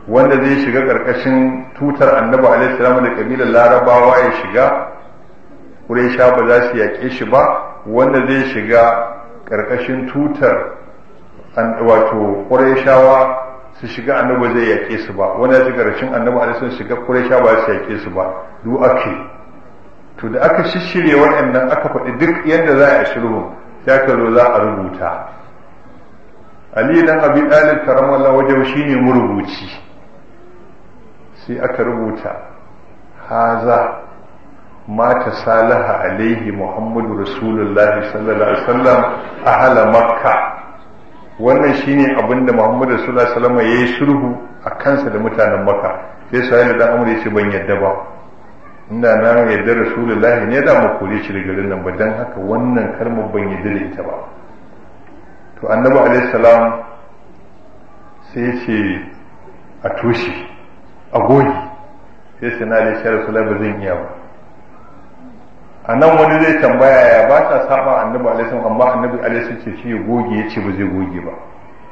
wanda zai shiga ƙarƙashin tutar annabi alaihi salam da kabilar larabawa ya shiga ƙuraisha ba za su yaƙe shi ba wanda zai shiga ƙarƙashin tutar wato ƙuraishawa su shiga annabi zai yaƙe su ba wanda zai shiga ƙarƙashin annabi alaihi salam shiga ƙuraisha ba su yaƙe su ba duk ake to da aka shishire waɗannan aka faɗi duk yadda za a shirhu sai ka zo za a rubuta Ali dan Abi Talib karamallahu wajen shine murubuci sai aka rubuta haza mata salaha alaihi muhammadu rasulullah sallallahu alaihi wasallam hala makka wannan shine abinda muhammadu rasulullah sallallahu alaihi wasallam yi sulhu a kansa da mutanen makka sai sai da dan amuri ce ban yadda ba inda na yadda rasulullah ne da mu kore shi daga nan ba dan haka wannan kalmar ban yadda da ita ba to annabi alaihi salam sai ce a tushe agogi sai su na da shi rasulai ba zan iya ba a nan wani zai tambaya ya ba ta saba annabi alaihi amma annabi alaihi ce shi ya goge ya ce ba zai goge ba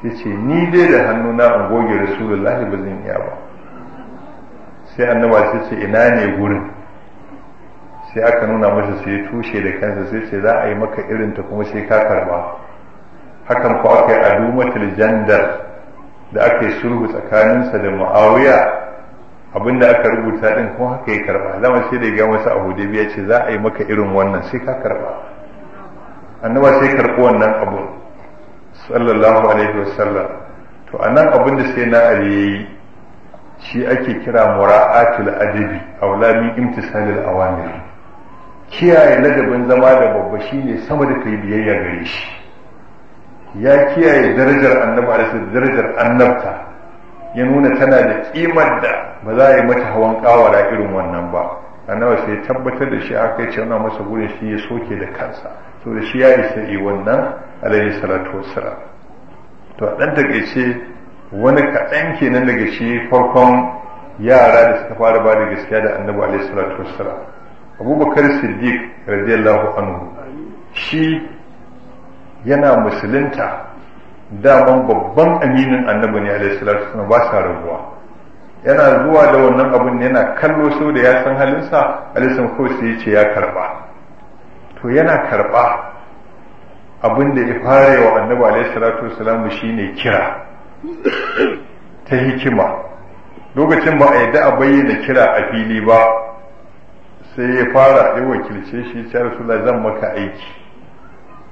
ya ce ni dai da hannu na in goge rasulullahi ba zan iya ba sai annabi sai ce ina ne gurin sai aka nuna masa sai ya tushe da kansa sai ce za a yi maka irin ta kuma sai ka karba hakan kuwa aka yi adumatul jandar da aka yi sulhu tsakaninsa da ma'awuya abinda aka rubuta din kuma haka ya karba zama sai da ya masa a biya ce za a yi maka irin wannan sai ka karba annaba sai karbi wannan abun sallallahu alaihi wasallam to anan abin da sai na ali shi ake kira mura'atul adabi aulami imtisalil awamir kiyaye ladabin zama da babba shine sama da kai biyayya gare shi ya kiyaye darajar annabi alaihi darajar annabta ya nuna tana da kimar da ba za a yi mata hawan kawara irin wannan ba A nawa sai ya tabbatar da shi aka yi cewa masa gurin shi ya soke da kansa to da shi ya isa yi wannan alaihi salatu wassalam to a dan takaice wani kaɗan kenan daga shi farkon yara da suka fara ba da gaskiya da annabi alaihi salatu wassalam abubakar siddiq radiyallahu anhu shi yana musulunta daman babban aminin annabi ne alaihi salatu wasallam ba sa rabuwa yana zuwa da wannan abun ne yana kallo sau da ya san halinsa alaihi ko sai ce ya karba to yana karba abin da ya fara wa annabi alaihi salatu wasallam shine kira ta hikima lokacin ba a yadda a bayyana kira a fili ba sai ya fara ya wakilce shi ya rasulullah zan maka aiki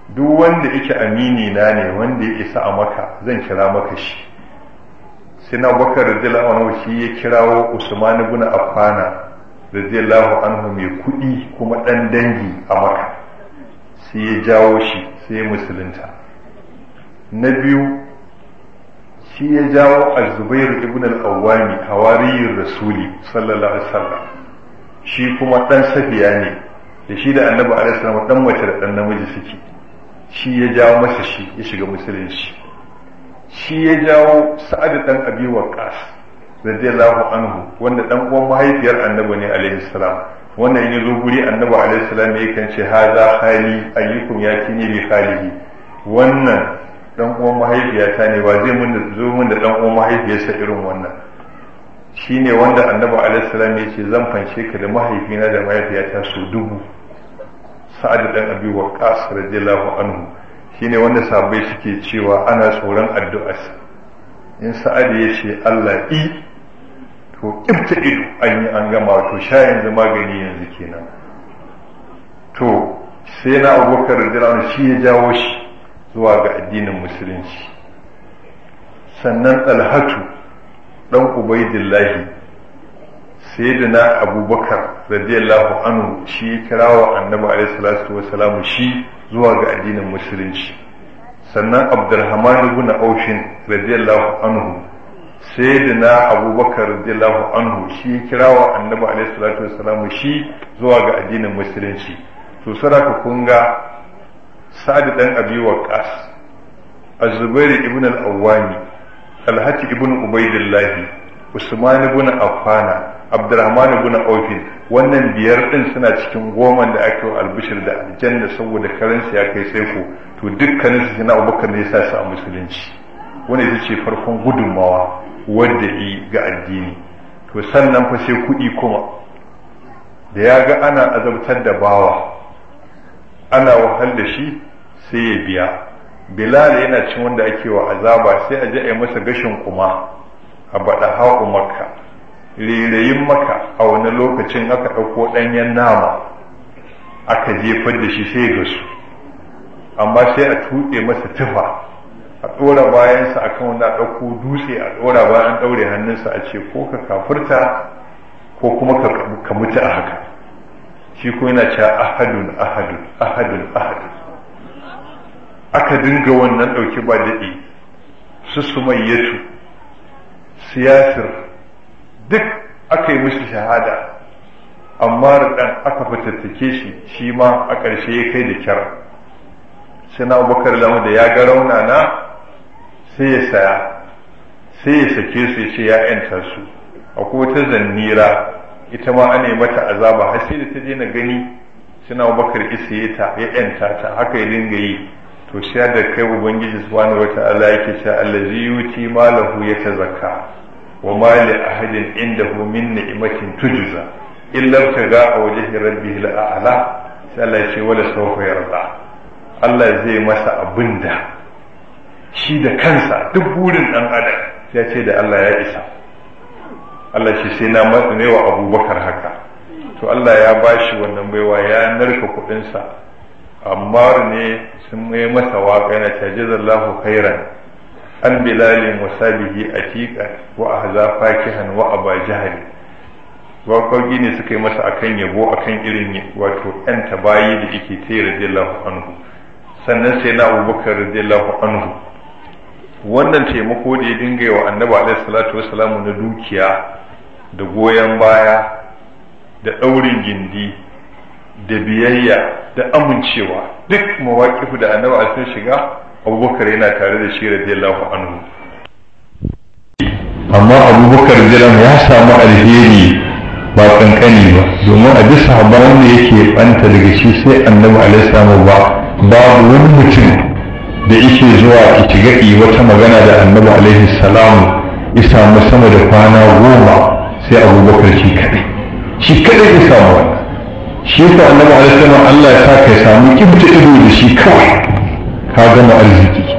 duk wanda yake amini na ne wanda ya isa a maka zan kira maka shi sai na bakar radiyallahu wani wuce ya kirawo usman ibn affana radiyallahu anhu mai kuɗi kuma dan dangi a maka sai ya jawo shi sai ya musulunta na biyu shi ya jawo al-zubair ibn al-awwami hawariyur rasuli sallallahu alaihi wasallam shi kuma ɗan safiya ne da shi da annabi alaihi wasallam ɗan mace da ɗan namiji suke shi ya jawo masa shi ya shiga musulunci shi ya jawo sa'ad dan abi waqas radiyallahu anhu wanda dan uwan mahaifiyar annabi ne alaihi salam wannan ya zo guri annabi alaihi salam ya kan ce haza hali ayyukum ya kinyi bi halihi wannan dan uwan mahaifiyata ne ba zai mun da zo mun da dan uwan mahaifiyarsa irin wannan shine wanda annabi alaihi salam ya ce zan fanshe ka da mahaifina da mahaifiyata su dubu sa'ad dan abi waqqas radiyallahu anhu shine wanda sabai suke cewa ana tsoron addu'arsa in sa'ad ya ce Allah i to kifta ido an yi an gama to sha yanzu magani yanzu kenan to sai na abubakar radiyallahu shi ya jawo shi zuwa ga addinin musulunci sannan alhatu dan ubaidillahi sayyidina abubakar radiyallahu anhu shi ya kira wa annabi alaihi salatu wasalamu shi zuwa ga addinin musulunci sannan abdurrahman ibn aushin radiyallahu anhu sayyidina abubakar radiyallahu anhu shi ya kira wa annabi alaihi salatu wasalamu shi zuwa ga addinin musulunci to saraka kun ga sa'ad dan abi waqas az-zubair ibn al-awwami awwani talhat ibn ubaidillahi usman ibn affana abdurrahman ibn auf wannan biyar din suna cikin goman da ake wa albishir da aljanna saboda karansa ya kai sai ku to dukkanin su na abubakar ne yasa su a musulunci wanda ita ce farkon gudunmawa wadda yi ga addini to sannan fa sai kuɗi kuma da ya ga ana azabtar da bawa ana wahal da shi sai ya biya bilal yana cin wanda ake wa azaba sai a je a yi masa gashin kuma a baɗa haƙu makka rairayin maka a wani lokacin aka ɗauko ɗanyen nama aka jefar da shi sai ga su amma sai a tuɗe masa tufa a ɗora bayansa a kan wanda ɗauko dutse a ɗora bayan ɗaure hannunsa a ce ko ka kafurta ko kuma ka mutu a haka shi ko yana cewa ahadun ahadun ahadun ahadun aka dinga wannan ɗauki ba daɗi su su sumayyatu siyasar duk aka yi mishi shahada amma ɗan aka fitattake shi shi ma a ƙarshe ya kai da kyar suna bakar lamu da ya ga raunana sai ya saya sai ya sake su ya ce ya yanta su akwai wata zannira ita ma ana mata azaba har sai da ta je na gani suna bakar ya ta ya yanta ta haka ya dinga yi to shi da kai ubangiji subhanahu wataala yake cewa allazi yuti malahu yatazakka wa ma li ahadin indahu min ni'matin tujza illa taga a wajhi rabbih la'ala sai Allah ya ce wala sawfa Allah zai masa abinda shi da kansa duk burin dan adam sai ce da Allah ya isa Allah shi sai na matsa ne wa abubakar haka to Allah ya bashi wannan baiwa ya narka kuɗinsa ammar ne sun yi masa waƙa yana ce jazallahu hairan". an bilalin wa a atiqa wa ahza fakihan wa ba jihar. waƙoƙi ne suka yi masa akan yabo akan irin wato yan tabayi da yake ta radiyallahu anhu sannan sai na abubakar radiyallahu anhu wannan taimako da ya dinga wa annabi alaihi salatu wasalamu na dukiya da goyon baya da ɗaurin gindi da biyayya da amincewa duk mawaƙifu da annabi a sun shiga abubakar yana tare da shi radiyallahu anhu amma abubakar jiran ya samu alheri ba kankani ba domin a duk sahabban da yake banta daga shi sai annabi alaihi ba babu wani mutum da yake zuwa itigadi wata magana da annabi alaihi salamu ya samu sama da kwana goma sai abubakar shi kadai, shi kadai ya samu wannan shi yasa annabi alaihi Allah ya sa ka samu kibta ido da shi kawai ka gama arziki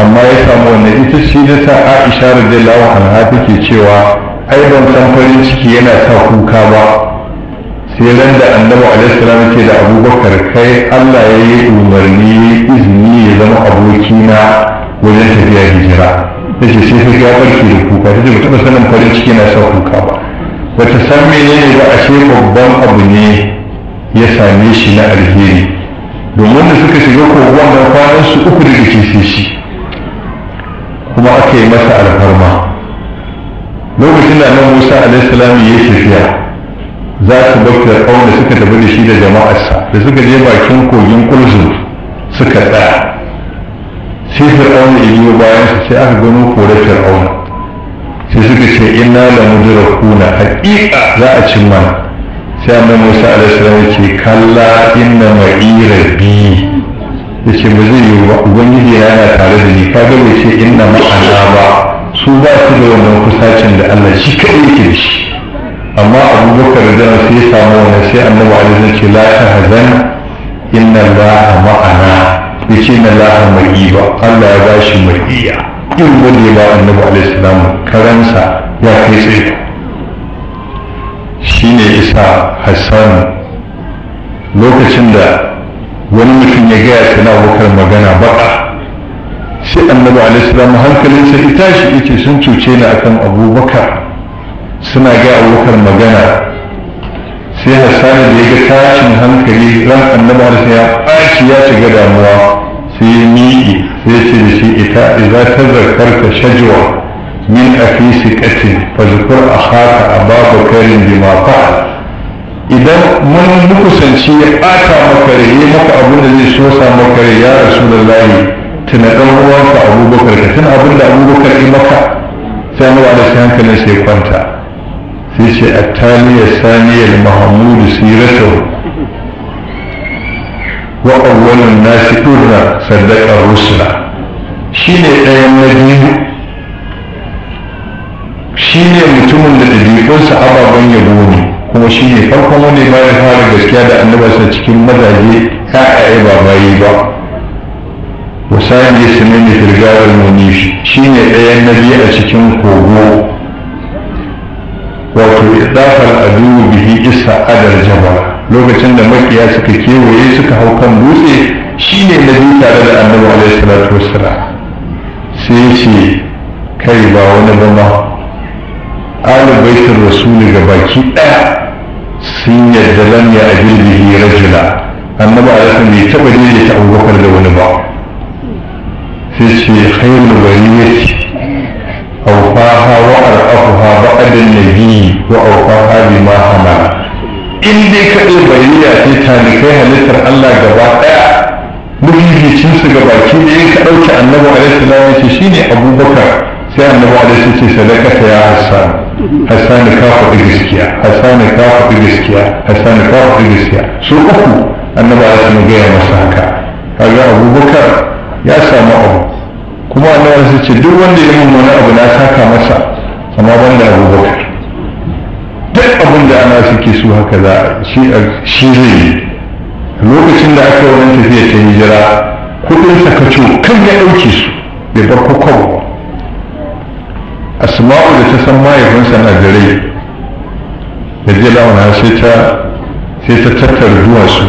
amma ya samu wannan ita ce da sa aisha lawa anha take cewa ai ban san farin ciki yana sa kuka ba sai ran da annabi alaihi salam yake da abubakar kai Allah ya yi umarni izini ya zama abokina wajen tafiya hijira ta ce sai ta barki da kuka ta ce ba taɓa sanin farin ciki yana sa kuka ba bata san menene ba ashe babban abu ne ya same shi na alheri domin da suka shiga kogon da kwanan su uku da rikice shi kuma aka yi masa alfarma lokacin da nan musa alaihissalam ya tafiya za su bar fir'aun da suka tafi da shi da jama'arsa da suka je bakin kogin kulzu suka tsaya sai fir'aun ya yi bayan su sai aka gano kore fir'aun sai suka ce inna la mudrakuna haqiqa za a cimma mana sai annabi musa alaihissalam yake kalla inna ma'i rabbi yace ba zai yi ba ubangiji yana tare da ni kaga bai ce inna ma'ana ba su ba su da wannan kusacin da allah shi kaɗai yake da shi amma abubakar da sai ya samu wani sai annabi alaihissalam ce la ta hazan inna allaha ma'ana ya ce na laha ba allah ya ba shi mai iya yin wanda ya ba annabi alaihissalam karansa ya kai tsaye Shi shine isa hassan lokacin da wani mutum ya gaya suna wukar magana baka sai annabi alaihissalam hankalinsa ya tashi yake sun cuce ni akan abubakar suna gaya wukar magana sai hassan da ya ga tashin hankali ran annabi alaihissalam ya ɓaci ya shiga damuwa sai ya miƙe sai ce da shi ita idan ta ka shajwa من أفي a فاذكر a babu بكر بما فعل idan mun mukusanci ya ɓata maka rage maka abin da zai so sa maka ya rasu da layi tuna ɗan uwanka abubakar ka tuna abin da abubakar yi maka sai mu da sai hankalin sai kwanta sai ce attaliyar saniyar mahamudu siratu wa awwalun nasi urna saddaqa rusula shine ɗayan na biyu shi ne mutumin da ɗabi'unsa ababen ya ne kuma shi ne farkon wani ya fara gaskiya da annabarsa cikin mazaje ya'ya ba bayi ba wasani ya sami ne firgawar muni shi ne ɗayan na biyu a cikin kogo wato idafar adu bihi isa adar jama lokacin da makiya suka kewaye suka hau kan dutse shi ne na biyu tare da annabi alaihi salatu wassalam sai ce kai ba wani zama. alin baitin rasuli ga baki ɗaya sun yadda lam ya ajil bihi rajula annabi alaihi bai taɓa daidaita abubakar da wani ba sai ce bari khairul bariyati awfaha wa arqafuha ba'da nabiyyi wa awfaha bima hamala in dai kaɗai bariya ce talikai halittar Allah gaba ɗaya mujibicin su ga baki da yin ka ɗauke annabi alaihi salam ya ce shine abubakar sai annabi alaihi ce sadaka ta ya hassan hassani ka faɗi gaskiya hassani ka faɗi gaskiya hassani ka faɗi gaskiya su uku annabi alaihi gaya masa haka kaga abubakar ya samu abu kuma annabi alaihi ce duk wanda ya mummuna abu na saka masa amma banda abubakar duk abin da ana suke su haka za shi zai lokacin da aka yi wani tafiya ta yi hijira kudin sakacu kan ya ɗauke su bai bar kwakwalwa asma'u da ta san mahaifinsa na da da zai launa sai ta sai ta tattara duwatsu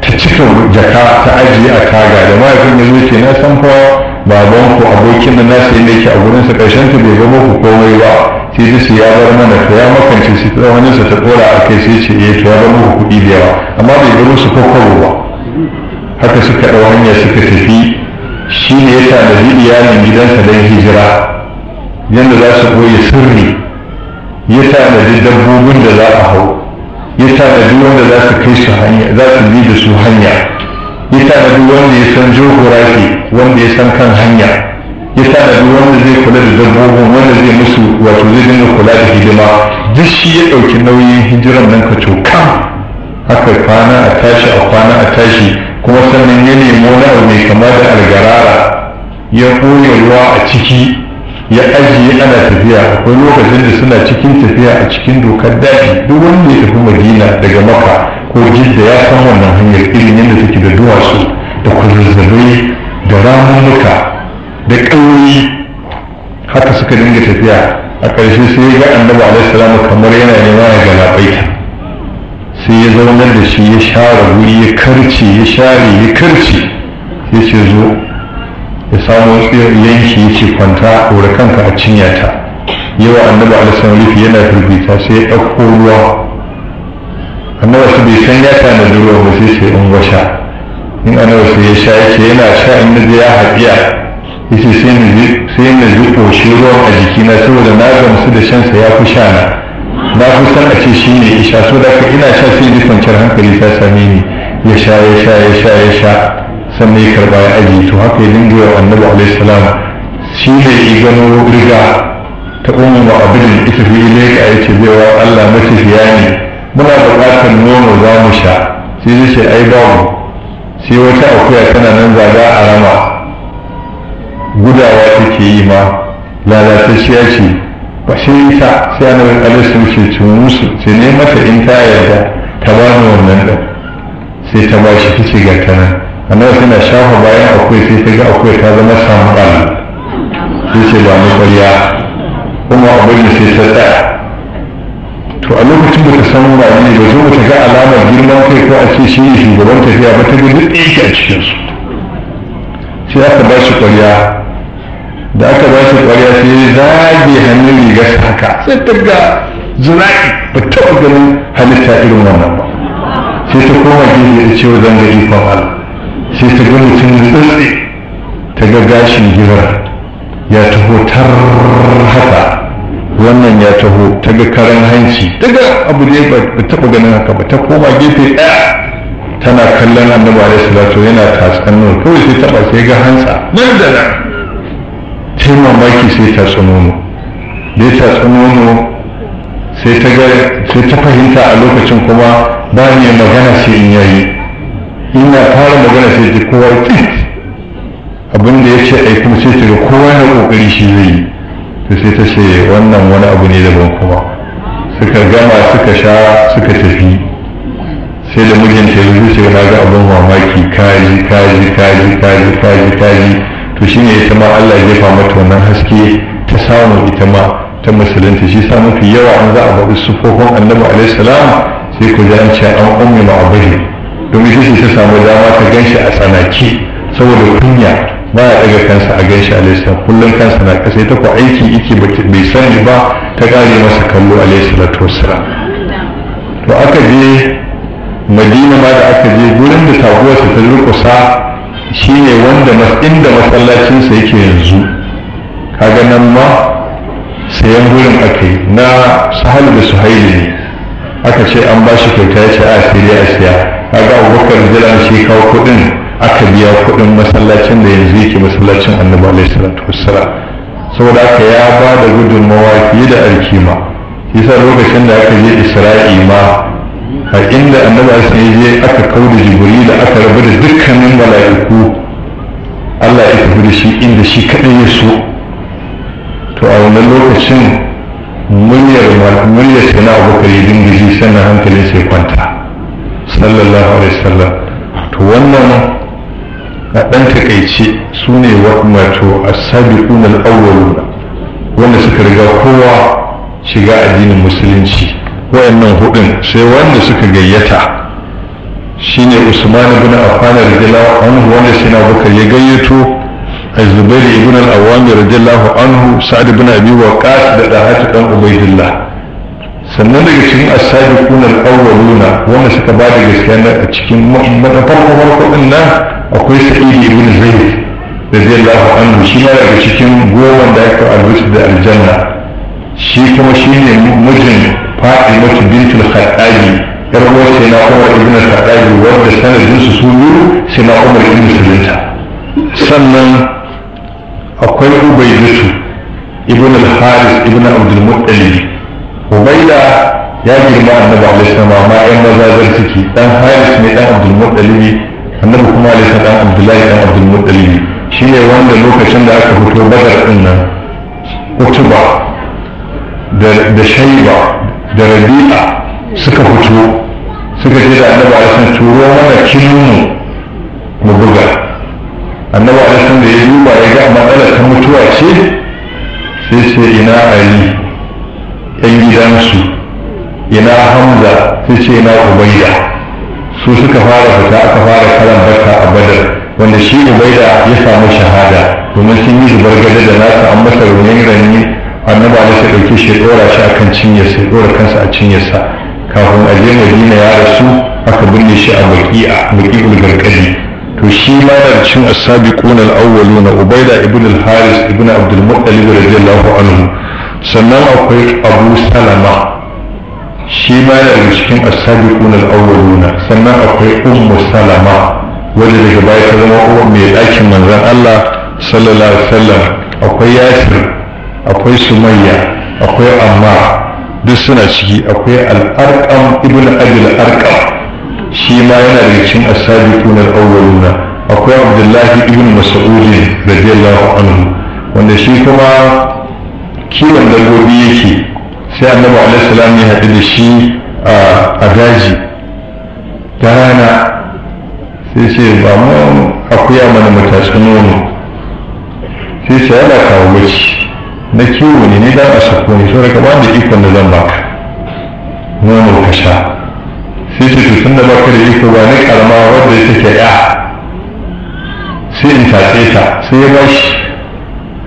ta cika jaka ta ajiye a taga da mahaifin ya zo ke na san fa baban ku abokin da nasu yi yake a gurinsa ƙarshen ta bai zama ku komai ba sai ta siya bar mana ta. ya makance su ta wani sa ta ɗora a kai sai ce eh to bar muku kuɗi da yawa amma bai zama musu kwakwaro ba haka suka ɗau hanya suka tafi shi ne ya tanadi iyalin gidansa don hijira yadda za su koya sirri ya tanadi dabbobin da za a hau ya tanadi wanda za su kai su hanya za su bi da su hanya ya tanadi wanda ya san jogurafi wanda ya san kan hanya ya tanadi wanda zai kula da dabbobin wanda zai musu wato zai dinga kula da hidima duk shi ya ɗauki nauyin hijiran nan ka cokan haka kwana a tashi a kwana a tashi kuma sannan ya nemo wani mai kama da algarara ya ɓoye ruwa a ciki ya ajiye ana tafiya akwai lokacin da suna cikin tafiya a cikin dokar daji duk wanda ya tafi madina daga maka ko jidda ya san wannan hanyar irin yadda take da duwatsu da kwazazzabai da ramunuka da ƙauri haka suka dinga tafiya a ƙarshe sai ya ga annabi alaihi kamar yana nema ya galabaita sai ya zaunar da shi ya share wuri ya karce ya share ya karce sai ce zo ya samu tsayar yanki ya ce kwanta ɗora kanka a cinya ta yawa annabi alisan rufi yana firgita sai ya ɗauko ruwa annabi su bai san ya na da ba sai sai in gwasha in annabi su ya sha yake yana sha in na ya haɗiya ce sai na ji ƙoshin ruwan a jikina saboda na gamsu da shansa ya fi sha na na fi san a ce shi ne isha so da ina sha sai ji kwanciyar hankali ta same ni ya sha ya sha ya sha ya sha sannan ya karba ya aji to haka ya dinga wa annabi alaihi salam shi ne ya gano riga ta ummu ba abin ita fi ilaika ya ce zai wa Allah matafiya ne muna buƙatar nono za mu sha sai zai ce ai babu sai wata akuya tana nan zaga a rama gudawa take yi ma lalatacciya ce ba sai ta sai annabi alaihi salam ce ci musu sai ne mata in ta yarda ta ba wannan ɗin sai ta ba shi ta ga ta nan annabi tana shafa bayan akwai sai ta ga akwai ta zama ɗan sai ce ba mu ƙarya kuma abin da sai ta tsaya to a lokacin da ta samu ba ne ba zo ta ga alamar girman kai ko a ce shi ne shugaban tafiya ba ta ga duk ɗaya a cikinsu sai aka ba shi ƙarya da aka ba shi ƙwarya sai ya zage hannun rigar haka sai ta ga zuraki ba taɓa ganin halitta irin wannan ba sai ta koma gefe da ce zan ga ikon Allah sai ta ga mutum tsitsi ta ga gashin gira ya taho tar haka wannan ya taho ta ga karin hanci ga abu ne ba taba ganin haka ba ta koma gefe ɗaya tana kallon annabi alaihi salatu yana tatsan kawai sai taɓa sai ga hantsa nan da nan ta mamaki sai tatsa nono da ya tatsa nono sai ta fahimta a lokacin kuma ba ne magana sai in yayi ina fara magana sai ji kowa abin da ya ce ai kuma sai ga kowa na kokari shi zai yi to sai ta ce wannan wani abu ne ban kuma suka gama suka sha suka tafi sai da ta ya zuce na ga abin mamaki kaji kaji kaji kaji kaji kaji to shine ita ma Allah ya jefa mata wannan haske ta samu ita ma ta musulunta shi sa mafi yawa an za a babu sufofin annabi alaihi salam sai ku ji an ce an ummi ma'abari domin shi shi samu dama ta ganshi a tsanaki saboda kunya ba ya daga kansa a ganshi a laisa kullum kansa na kasa ita ko aiki yake bai sani ba ta kare masa kallo a laisa na tosira to aka je madina ma da aka je gurin da taguwarsa ta durkusa ne wanda inda masallacinsa yake yanzu kaga nan ma sayan gurin aka yi na sahal da suhaili ne aka ce an ba shi kyauta ya ce a siri a siya ga abubakar jiran shi kawo kuɗin aka biya kuɗin masallacin da yanzu yake masallacin annabi alaihi salatu wassalam saboda aka ya ba da gudunmawa fiye da alkima shi sa lokacin da aka je isra'i ma a inda annabi alaihi ya je aka kawo da jibril aka rabu da dukkanin mala'iku Allah ya tafi da shi inda shi kaɗai ya so to a wannan lokacin muryar muryar na abubakar yi dinga ji sannan hankalin sai kwanta sallallahu alaihi wasallam to wannan a ɗan takaice su ne wato asabiqun al wanda suka riga kowa shiga addinin musulunci wayannan hudun sai wanda suka gayyata shine Usman ibn Affan radiyallahu anhu wanda shi na Abubakar ya gayyato الزبير بن الأوام رضي الله عنه سعد بن أبي وقاص دعاة بن عبيد الله sannan daga cikin asabiqun al-awwaluna wanda suka ba da gaskiya a cikin mu'minin farko farko nan akwai sa'id ibn zayd radiyallahu anhu shi ma daga cikin goman da aka alwisi da aljanna shi kuma shine mijin fatimatu bintul khattabi yar uwar sai na kuma ibn khattabi wanda sanadinsu su biyu sai na umar ibn sulinta sannan akwai ubaidatu ibn al-haris ibn abdul muttalib ubaida ya girma annabi alaihi salam amma yan maza zan ciki dan haris ne dan abdul muttalib annabi kuma alaihi salam abdullahi dan abdul muttalib shine wanda lokacin da aka fito badar din nan utuba da shaiba da rabi'a suka fito suka je da annabi alaihi salam turo mana kinu mu buga annabi alisun da ya duba ya ga matsalar ta mutuwa ce sai ce ina ali yan gidansu ina hamza sai ce ina ubaida su suka fara fita aka fara karan barka a badar wanda shi ubaida ya samu shahada domin sun yi zubar gada da nasa an masa rumin annab'a annabi alisun ɗauki shi ɗora shi a kan cinyarsa ya ɗora kansa a cinyarsa kafin a je madina ya rasu aka binne shi a baki a baki gargadi to shi ma na cin as-sabiquna al-awwaluna ubayda ibn al-haris ibn al-muttalib radiyallahu anhu sannan akwai abu salama shi ma cikin sannan akwai ummu salama wanda daga baya ta zama kuma mai ɗakin manzon Allah sallallahu alaihi wasallam akwai yasir akwai sumayya akwai amma duk suna ciki akwai al ibn abi arqam shi ma yana daga cikin asabiqun al-awwalun akwai Abdullahi ibn Mas'ud radiyallahu anhu wanda shi kuma kiwon dabbobi yake sai annabi alaihi salam ya haɗu da shi a daji ta rana sai ce ba mu akuya mana matashin nono sai ce yana kawo mace na kiwo ne ne dan a sako ne saboda ka ba da ikon da zan baka nono ka sha sai ce to tunda ba ka da iko ba ni karama wadda ya take ya sai in tace ta sai ya bashi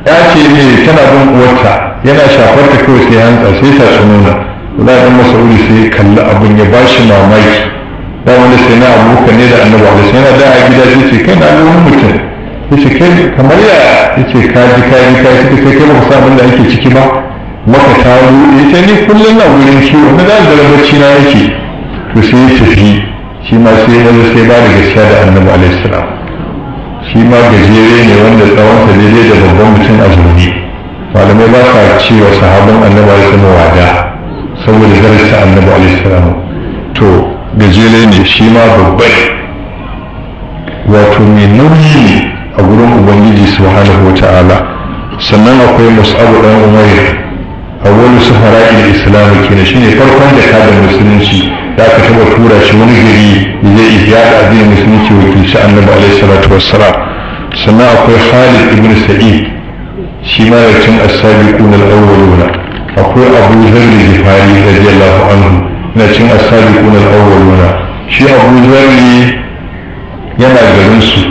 ya ce ne tana bin uwarta yana shafar ta kawai sai hantsa sai ta ci nuna wala dan masauri sai ya kalli abin ya ba shi mamaki da wanda sai na abu ka ne da annabi wanda sai yana da a gida sai ce kai na ga wani mutum ce kai kamar ya ce ka ji ka ji ka ji kai kai ba ku san abin da ake ciki ba maka ta ruɗe ta ni kullum na wurin kiwo na da bacci na yake to sai ya tafi shi ma sai ya zo sai ba da gaskiya da annabi alaihi salam shi ma gajere ne wanda tsawonsa daidai da babban mutum a zurni malamai ba sa cewa sahabin annabi alaihi salam wada saboda darajar annabi alaihi salam to gajere ne shi ma babbai wato mai nauyi ne a gurin ubangiji subhanahu wa ta'ala sannan akwai mus'abu dan umair awwalu sufara islam kenan shine farkon da kada musulunci da aka taɓa tura shi wani gari zai yi yaɗa addinin musulunci wakilci annabi alaihi salatu wassalam sannan akwai khalid ibn sa'id shi ma da cin asabiqun al-awwaluna akwai abu zarri gifari radiyallahu anhu na cin asabiqun al-awwaluna shi abu zarri yana garin su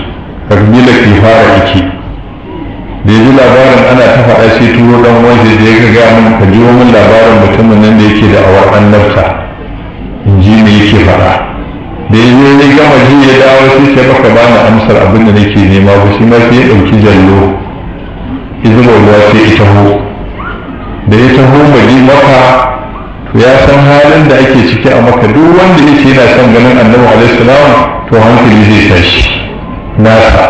kabila kifara yake da ji labarin ana ta faɗa sai turo dan wanda da ya ga mun ka ji labarin mutumin nan da yake da awar annabta ji yake faɗa da ya ne ya gama ji ya dawo sai baka ba na amsar abinda da nake nema ba shi ma sai ya ɗauki jallo ruwa sai ya taho da ya taho madi maka to ya san halin da ake ciki a maka duk wanda yake yana son ganin annabi alaihi salam to hankali zai tashi nasa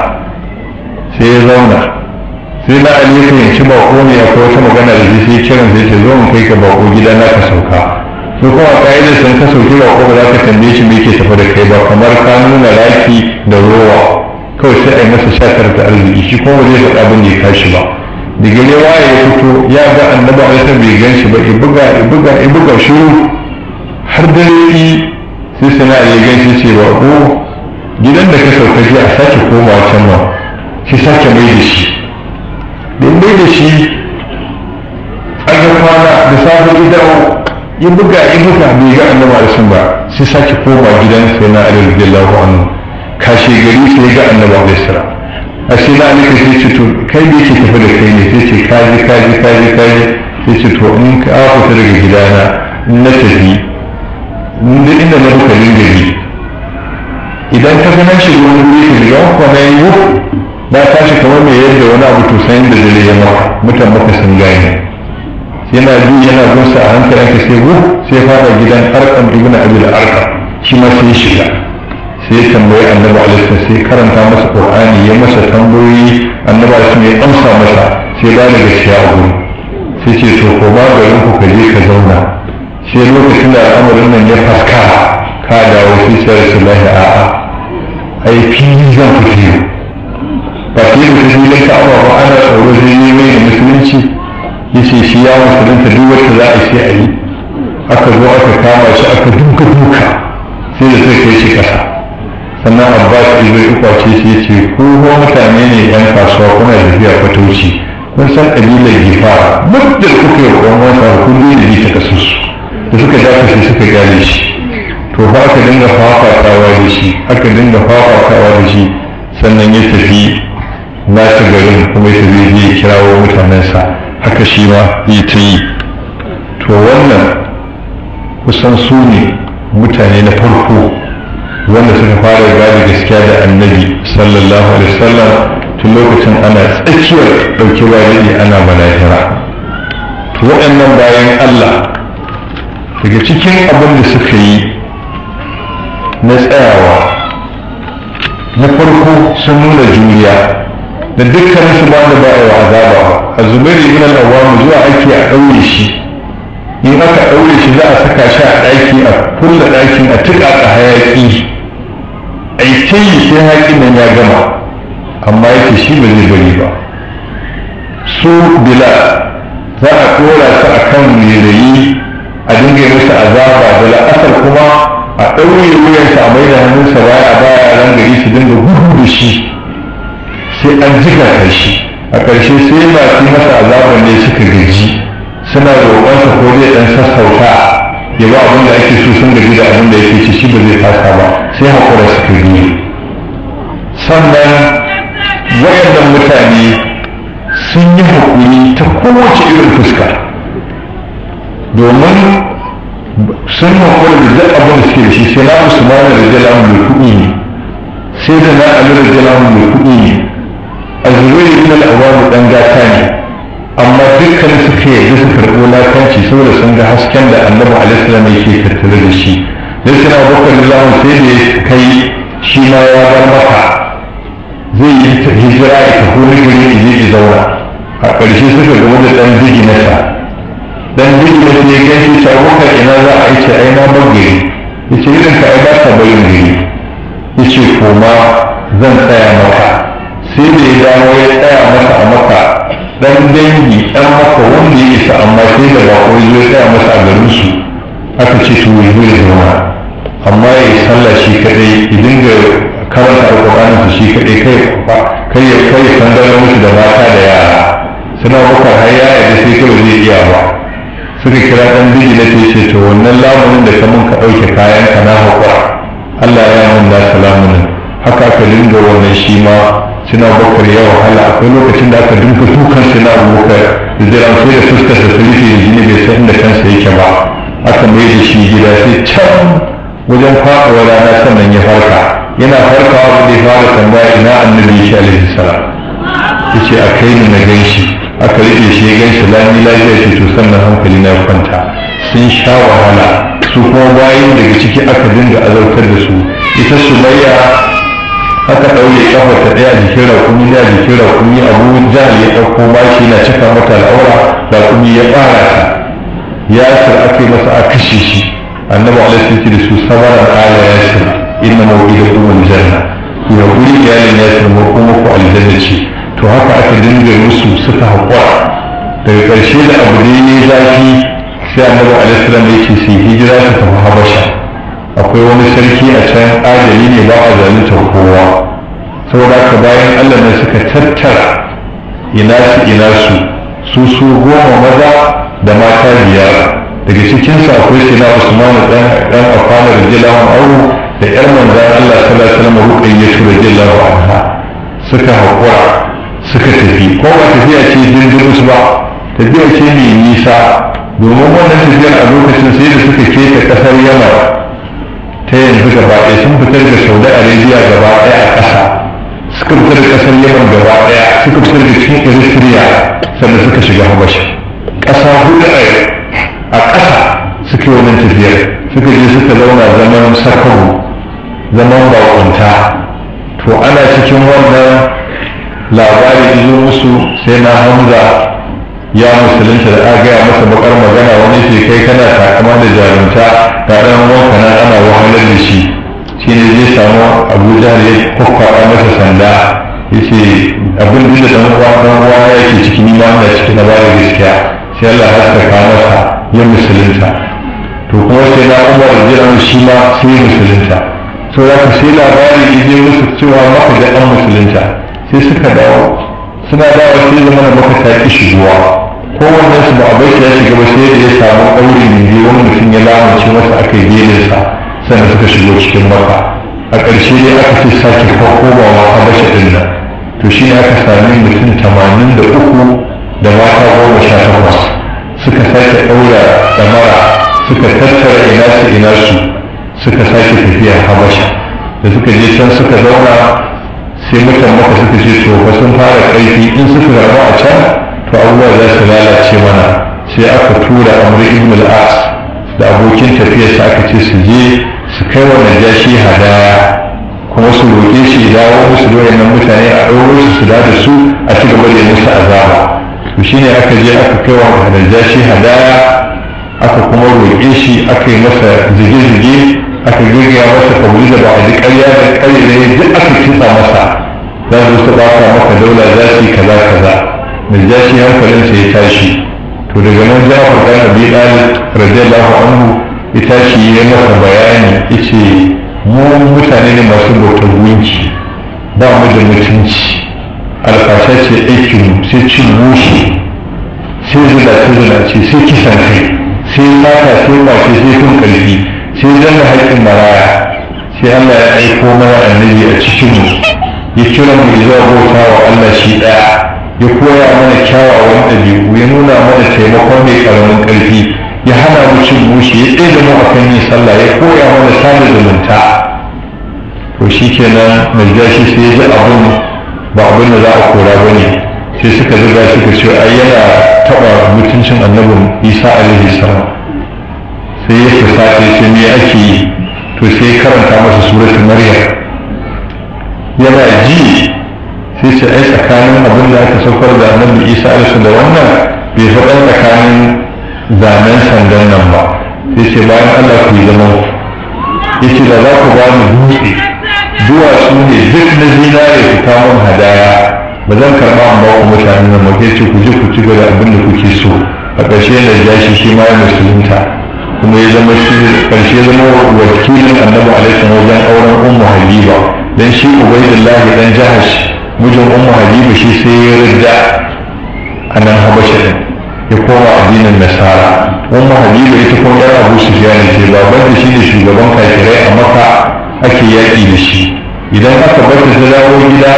sai ya zauna sai na aliyu ka fahimci bako ne akwai wata magana da zai kiran zai ce zo mu kai ka bako gida na ka sauka su kuma ka'idar sun ka sauki ba ko ba za ka tambaye shi me ke tafi da kai ba kamar ka nuna raki da rowa kawai sai a yi masa shakar da arziki shi kuma zai faɗa abin da ya kashi ba daga ne waye ya fito ya ga annaba a yasa bai gan shi ba ya buga ya buga ya buga shi har da yi sai suna ya gan shi ce ba ko oh, gidan da ka sauka jiya a sake komawa can ba shi sake mai da shi da mai da shi a ga kwana da sabon idan ya buga ya buga bai ga annabi alisun ba sai sake koma gidan sai na ali radiyallahu anhu kashe gari sai ga annabi alisun a sai na ali sai ce to kai da yake tafi da kai ne sai ce kaji kaji kaji kaji sai ce to in ka fita daga gidana na tafi da inda na buka gari idan ka ga shi shiga wani wuri ka riga ko na yi na tashi kamar mai yadda wani abu to san da yi yamma mutan maka sun gane yana ji yana gusa a hankalin ka sai gu sai fara gidan arkan ibn da arkan shi ma sai shiga sai tambayi annabi alaihi sai karanta masa qur'ani ya masa tambayoyi annabi alaihi ya amsa masa sai ba da gaskiya a gurin sai ce to ko ba garin ku ka ka zauna sai lokacin da al'amarin nan ya faska ka dawo sai sai rasulullahi a'a ai fili zan fito ba ta da shi ne ka ba ana tsoro zai yi mai musulunci yace shi ya musulunta duk wacce za a ci a yi aka zo aka kama shi aka duka duka sai da sai kai shi kasa sannan abbas izo ya kwace shi yace ko mutane ne yan kasuwa kuna da biya fatoci kun san kabilar gifa da kuka yi kwan wata kun yi da ta kasu da suka dafa shi suka gane shi to ba aka dinga fafatawa da shi aka dinga fafatawa da shi sannan ya tafi na garin kuma ya tafi ya kirawo mutanensa haka shi ma zai ta yi to wannan kusan su ne mutane na farko wanda suka fara gane gaskiya da annabi sallallahu alaihi wasallam tun lokacin ana tsakiyar ɗauki ne ana manahira to waɗannan bayan allah daga cikin abin da suka yi na tsayawa na farko sun nuna juriya ندكر سبع نباع وعذابها الزميري من الأوام جوا عيكي أول شيء يمكى أول شيء لا أسكى شاء عيكي أكل عيكي أتقع حياتي عيكي يسيهاك من يجمع أما يكي شيء من البريبا سوء بلا فأقول سأكم لي أدنك نسى عذابها بلا أثر كما أول يوم يسعبين هنوسى وعي أبايا لنجريس دنجو هو بشيء sai an jika kashi a ƙarshe sai masu masa azabar ne suka gaji suna roƙonsa ko zai ɗan sassauta ya ba abin da ake so sun gaji da abin da yake ci shi ba zai fasa ba sai haƙura suka biyu sannan waɗannan mutane sun yi haƙuri ta kowace irin fuska domin sun haƙura da duk abin da suke da shi sai na musulmanin da jalamun mai kuɗi ne sai da na alirar da jalamun mai kuɗi ne azubai ibn al-awwam dan gata ne amma dukkan suke ke yi su karɓo lakanci saboda sun ga hasken da annabi alaihi salam yake tattare da shi da suna bakar lawan sai da kai shi ma ya bar maka zai yi hijira ya tafi gari ya je zauna a ƙarshe suka gaba da ɗan zigi nasa dan duk da ne ganin ta wuka ina za a yi ce ai na Ya ce irin ka ai ba ta bayin gari yace koma zan tsaya maka sai da ya dawo ya tsaya masa a maka dan dangi dan maka wanda ya isa amma sai da bako ya zo tsaya masa a garin su aka ce su ya zo ya amma ya yi sallah shi kadai ki dinga karanta alƙur'ani su shi kadai kai kai ya kai sandana musu da mata da yara suna bakar har ya yarda sai kawai zai iya ba suka kira dan biji na ce to wannan lamunin da ka mun ka ɗauke kayan ka na haƙura Allah ya yi mun da salamunin haka ka dinga wannan shi ma suna bakar ya wahala akwai lokacin da aka dinka dukan suna abubuwa ziran so ya fuskar da su rufe jini bai san da kansa yake ba aka mai da shi gida sai can wajen faɗuwa rana sannan ya farka yana farkawa ba zai fara tambaya ina annabi yake alaihi salam yace a kai ni na gan shi aka rike shi ya gan shi lami lafiya ce to sannan hankali na kwanta sun sha wahala su kuma bayan daga ciki aka dinga azautar da su ita sumayya aka ɗaure kafar ta ɗaya jikin rakumi na jikin rakumi abu jahal ya ɗauko baki na cika mata al'aura rakumi ya ɓara ta ya sir aka masa a kashe shi annabi alaihi wasallam da su sabara ala ya sir inna mawqidakum aljanna ku hakuri iyalin ya sir mu kuma ku aljanna ce to haka aka dinga musu suka haƙura daga ƙarshe da abu ne zafi sai annabi alaihi wasallam yake su hijira ta tafi habasha akwai wani sarki a can adali ne ba a zalunta kowa saboda ka bayan allah ne suka tattara ina su ina su su su goma maza da mata biyar daga cikinsu akwai sina usman dan dan afana rajilahu anhu da yar manzan allah sallallahu alaihi wasallam ruqayyatu anha suka haƙura suka tafi ko ba tafiya ce jirgin ba tafiya ce mai nisa domin wannan tafiyar a lokacin sai da suka keta ƙasar yamma ta yanzu gaba ɗaya sun fitar da saudi arabia gaba ɗaya a ƙasa suka fitar da ƙasar yaman gaba ɗaya suka fitar da cikin eritrea sannan suka shiga habashi ƙasa hudu a ƙasa suke wannan tafiyar suka je suka zauna zaman sakamu zaman baƙunta to ana cikin wannan labari izo musu sai na hamza ya musulunta da a gaya masa bakar magana wani ke kai kana takama da jarumta ta ɗan wanka na ana wahalar da shi shi ne zai samu abuja ya kwakwaɓa masa sanda ya ce abin da ɗan uwa ruwa ya ke cikin da cikin na bada gaskiya sai Allah ta haskaka masa ya musulunta to kuma sai na da jiran shi ma sai musulunta sau da ka sai labari ije musu cewa maka da ɗan musulunta sai suka dawo suna dawo sai zama na maka ta ki shigowa kowanne su ba abai ya shiga ba sai da ya samu ɗauri mai wani mutum ya lamunce masa aka yi gelinsa sannan suka shigo cikin maka a ƙarshe dai aka fi sake kwakwobawa a bashi ɗin nan to shi ne aka sami mutum tamanin da uku da mata goma sha takwas suka sake ɗaura ɗamara suka tattara ina su ina su suka sake tafiya habasha da suka je can suka zauna sai mutan maka suka ce tofa sun fara ƙarfi in suka rabu a can to abubuwa za su lalace mana sai aka tura amri ibn al-as da abokin tafiyarsa aka ce su je su kai wa najashi hadaya kuma su roƙe shi dawo su da wayannan mutane a ɗauro su su da su a ci gaba da musu azaba to shine aka je aka kai wa najashi hadaya aka kuma roƙe shi aka yi masa zige-zige aka girgiya masa kauli da ba a ji ƙarya da ƙarya ne duk aka kitsa masa za su ba maka daula za su yi kaza kaza najashi hankalin sa ya tashi to daga nan za jafar dan abi da radiyallahu anhu ya tashi ya masa bayani yace mu mutane ne masu bautar gunki ba mu da mutunci alfasa ce aikin sai cin mushi sai ta zula ce sai kisan kai sai mata sai mace sai kun karfi sai zanga haƙƙin maraya sai Allah ya aiko mana annabi a cikin mu ya kira mu zuwa bauta wa Allah shi ɗaya ya koya mana kyawawan ɗabi'u ya nuna mana taimakon mai ƙaramin ƙarfi ya hana mu cin mushi ya ɗaya da mu a yin sallah ya koya mana sada zumunta to shi kenan najashi sai ya ji abin ba abin da za a kora ba ne sai suka zuga suka ce ai yana taɓa mutuncin annabin isa alaihi salam sai ya fusa sai me ake yi to sai ya karanta masa suratul maryam yana ji sai ce ai tsakanin abin da aka saukar da annabi isa alisu da wannan bai faɗa tsakanin zanen sandan nan ba sai ce bayan allah ku yi zama da za ku ba mu dutse duwatsu ne duk na zinare ku kamun hadaya ba zan karɓa amma ku mutane nan ba ce ku ji ku ci gaba abin da kuke so a ƙarshe da jashi shi ma ya musulunta kuma ya zama shi ƙarshe zama wakilin annabi alaihi wajen auren ummu habiba dan shi ubaidillahi dan shi. mijin ummu habibu shi sai ya rida a nan habasha ya koma addinin nasara ummu habibu ita kuma yar abu sufyan ce baban da shi ne shugaban kafirai a maka ake yaƙi da shi idan aka bar ta dawo gida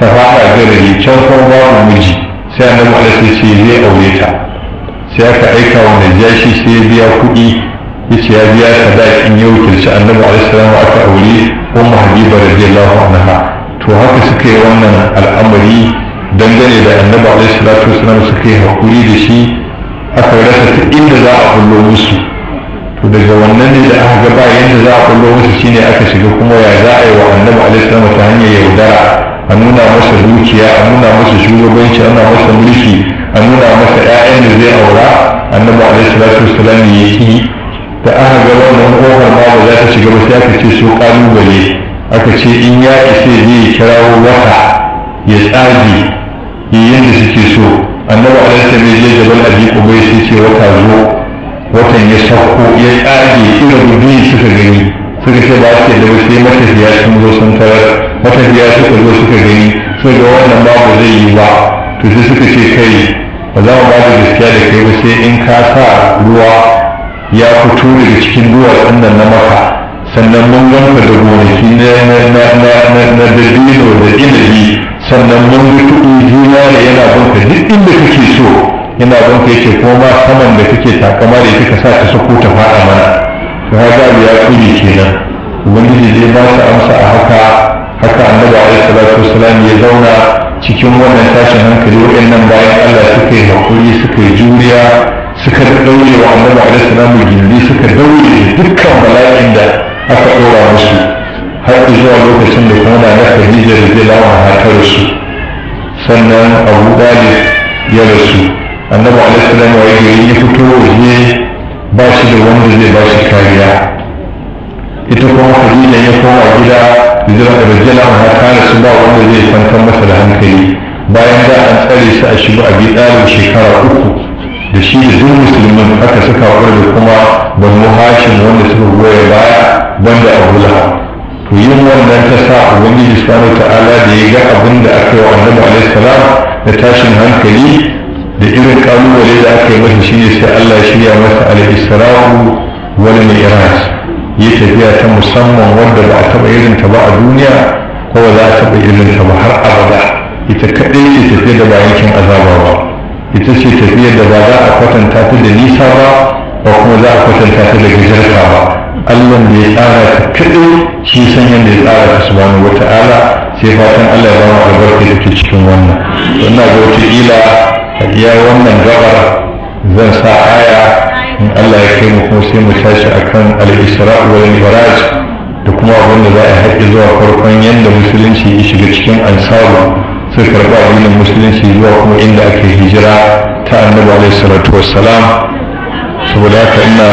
ta fara garari can kuma babu miji sai annabi alaihi ce zai aure ta sai aka aika wa najashi sai ya biya kuɗi yace ya biya sadaqin ya wakilci annabi alaihi aka aure ummu habiba radiyallahu anha to haka suka yi wannan al'amari dangane da annabi alaihi salatu wasallam suka yi hakuri da shi aka rasa ta inda za a kullo musu to daga wannan ne da aka gaba yadda za a kullo musu shine aka shiga kuma ya za a yi wa annabi alaihi salatu ta hanyar yaudara a nuna masa dukiya a nuna masa shugabanci a nuna masa mulki a nuna masa 'ya'yan da zai aura annabi alaihi salatu wasallam ya yi da aka ga wannan ƙofar ma ba za ta shiga ba sai aka ce su ƙalubale aka ce in ya isa zai kirawo wata ya tsage yi yadda suke so annabi alaihi ne ya jabal abi kuma ya ce wata zo watan ya sauko ya tsage irin biyu suka gani suka ce ba su da sai matafiya sun zo sun tarar matafiya suka zo suka gani su ga wannan babu zai yi ba to sai suka ce kai ba za mu bada gaskiya da kai ba sai in ka sa ruwa ya fito daga cikin duwatsun nan na maka sannan mun gamsa da gonaki na dabino da ilimi sannan mun bi kuɗi juna da yana banka duk inda kake so yana banka yake koma saman da kake takama da kika sa ta sako ta fada mana to haka ya kuri kenan ubangiji zai ba ta amsa a haka haka annabi alaihi salatu ya zauna cikin wannan tashin hankali waɗannan bayan Allah suka yi hakuri suka yi juriya suka daure wa annabi alaihi salamu gindi suka daure dukkan bala'in da aka ɗora musu har zuwa lokacin da kuma na khadija da bilawa ta rasu sannan abu dalib ya rasu annabi alaihi salam wa ya fito waje ba shi da wanda zai ba shi kariya ita kuma khadija ya koma gida hijirar da rajala ma ta rasu ba wanda zai kwantar masa da hankali bayan da an tsare shi a shigo a bi shekara uku da shi da duk musulmin aka suka wa da kuma ban hashim wanda suka goya baya banda abu lahab to yin wannan ta sa ubangiji subhanahu ta'ala da ya ga abin da aka yi wa annabi alaihi salam da tashin hankali da irin kalubale da aka yi masa shi ne sai Allah ya shirya masa alaihi salamu wani mi'raj ya tafiya ta musamman wanda ba a taba irin ta ba a duniya ko ba za a taba irin ta ba har abada ita kaɗai ce tafiya da bayan kin azaba ba ita ce tafiyar da ba za a kwatanta ta da nisa ba ba kuma za a kwatanta ta da gajarta ba Allah da ya tsara ta kaɗai shi san yadda ya tsara ta subhanahu ala sai fatan Allah ya bamu albarka da ke cikin wannan ina ga wataƙila ya wannan gabar zan sa aya in Allah ya kai mu kuma sai mu tashi akan al-isra wal mi'raj da kuma abin da za a haɗe zuwa farkon yadda musulunci ya shiga cikin ansaru karɓa a addinin musulunci zuwa kuma inda ake hijira ta annabi alaihi salatu wassalam saboda haka ina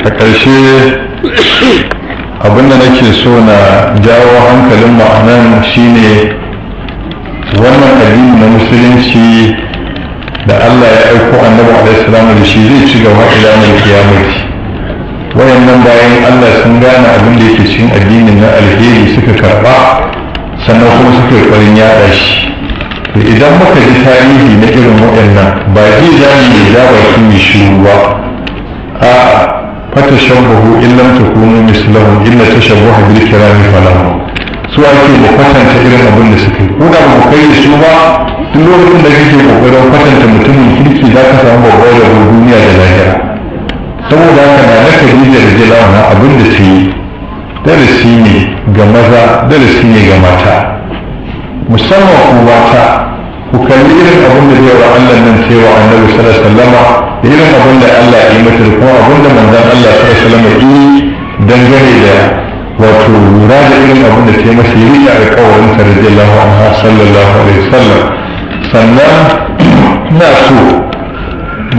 a ƙarshe abinda nake so na jawo hankalin ma'anan shine wannan addini na musulunci da Allah ya aiko annabi alaihi salamu da shi zai ci gaba ila mai kiyamati wayannan bayan Allah sun gane abin da yake cikin addinin na alheri suka karba sannan kuma suka yi ƙwarin yaɗa shi idan muka ji tarihi na irin waɗannan ba ji za mu yi za ba su yi shiru ba a fata shabbahu illam takunu mislahu illa tashabbaha bil kirami falahu su ake mu kwatanta irin abin da suka yi ko da mu kai su ba duk lokacin da kake kokarin kwatanta mutumin kirki za ka samu babbar da duniya da lahira saboda haka na na khadija da jilawa abin da ta yi darasi ne ga maza darasi ne ga mata musamman ku mata ku kalli irin abin da zai wa Allah nan sai wa annabi sallallahu alaihi wasallama da irin abin da Allah ya yi mata da kuma abin da manzon Allah sallallahu alaihi ya yi dangane da wato lura da irin abin da ta yi masa yi a alƙawarin sa radiyallahu anha sallallahu alaihi wasallam sannan na so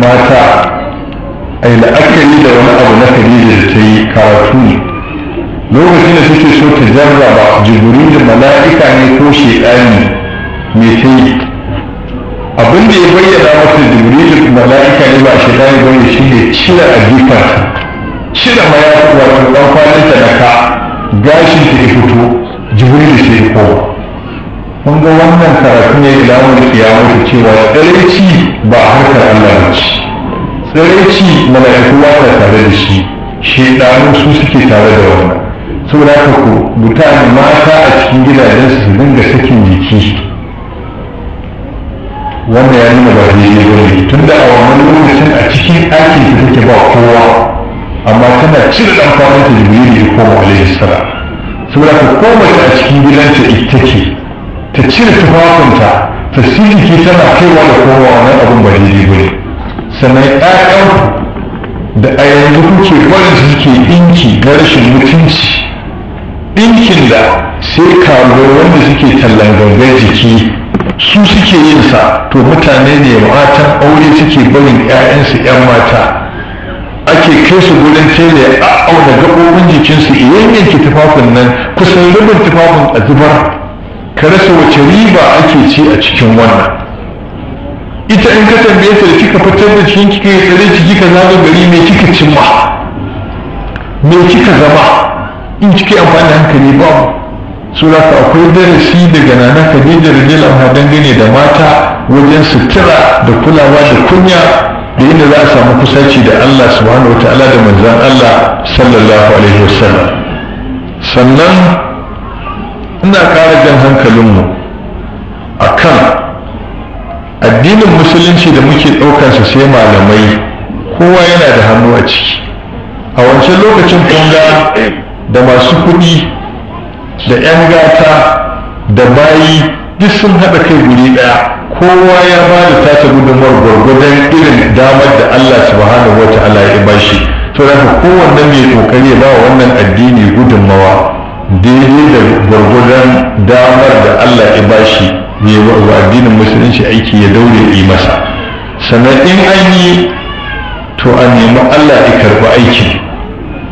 mata a yi la'akari da wani abu na khadija da ta yi karatu ne lokacin da take so ta jarraba da mala'ika ne ko shekani me ta yi abin da ya bayyana mata jibrilu mala'ika ne ba shekani ba ne shi ne cire a jifarta cire ma ya wato ɗan da ka gashin ta ya fito da sai yi kowa kun ga wannan karatu ne da lamun da cewa tsaraici ba harkar Allah ba ce tsiraici mala'iku ba ta tare da shi shaidanu su suke tare da wannan saboda haka ku mutane mata a cikin gidajensu su dinga sakin jiki wannan ya nuna ba daidai ba ne tun da a wani lokacin a cikin ɗakin ta take ba kowa amma tana cire ɗan farin ta ya koma alaihi sara saboda ka komace a cikin gidanta ita ce ta cire tufafinta ta ke tana kaiwa da kowa wannan abin ba daidai ba ne sannan ƴaƴan da a yanzu kuke barin su suke ɗinki na rashin mutunci inkin da sai kawo wanda suke tallan gangar jiki su suke yin sa to mutane ne matan aure suke barin ƴaƴansu ƴan mata ake kai su gurin tele a auna gaɓoɓin jikinsu idan yanke tufafin nan kusan rubin tufafin a zubar ka rasa wace riba ake ci a cikin wannan ita in ka tambaye ta da kika fitar da cikin kika yi tsare ciki ka zama gari mai kika cimma mai kika zama in kike amfani da hankali babu su za ka akwai darasi daga nana da radiyallahu anha dangane da mata wajen sutura da kulawa da kunya da inda za a samu kusaci da Allah subhanahu wa ta'ala da manzan Allah sallallahu alaihi wa sallam sannan ina kara jan hankalinmu a kan addinin musulunci da muke ɗaukar sa sai malamai kowa yana da hannu a ciki a wancan lokacin kunga da masu kuɗi da 'yan gata da bayi duk sun haɗa kai guri ɗaya kowa ya ba da tata gudunmawar gwargwadon irin damar da Allah subhanahu wa ta'ala ya shi to da kowanne mai kokari ya ba wannan addini gudunmawa daidai da gwargwadon damar da Allah ya bashi ne wa addinin musulunci aiki ya daure yi masa sannan in an yi to a nemi allah ya karɓi aiki.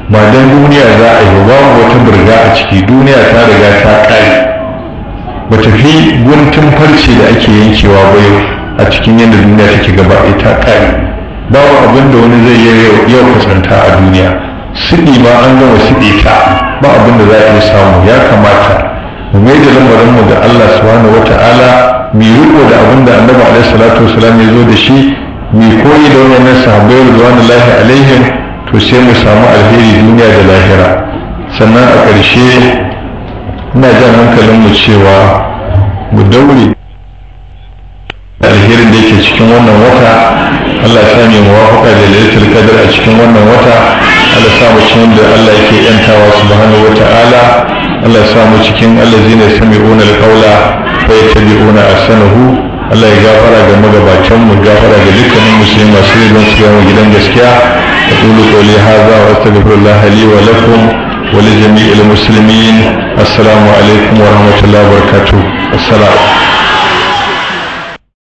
ba don duniya za a yi babu wata burga a ciki duniya ta riga ta ƙare ba tafi guntun farce da ake yankewa ba yau a cikin yadda duniya take gaba ɗaya ta ƙare wa abin da wani zai yi yau kusanta a duniya siɗi ma an gama siɗe ta ba abin da za a iya samu ya kamata mu mai da mu da Allah subhanahu wata'ala mu riko da abin da annabi alaihi salatu wasalam ya zo da shi mu koyi da wannan sahabbai radiyallahu alaihim to sai mu samu alheri duniya da lahira sannan a ƙarshe ina jan mu cewa mu daure alherin da yake cikin wannan wata Allah ya mu muwafaka da lailatul qadr a cikin wannan wata Allah ya mu cikin da Allah yake yantawa subhanahu wata'ala Allah samu cikin allazina sami'una alqaula fa yattabi'una ahsanahu Allah ya gafara ga magabatan mu gafara ga dukkanin musulmi masu yin su yawan gidan gaskiya aqulu qawli hadha wa astaghfirullah li wa lakum wa li jami'il musulmi assalamu alaikum wa rahmatullahi wa barakatuh assalam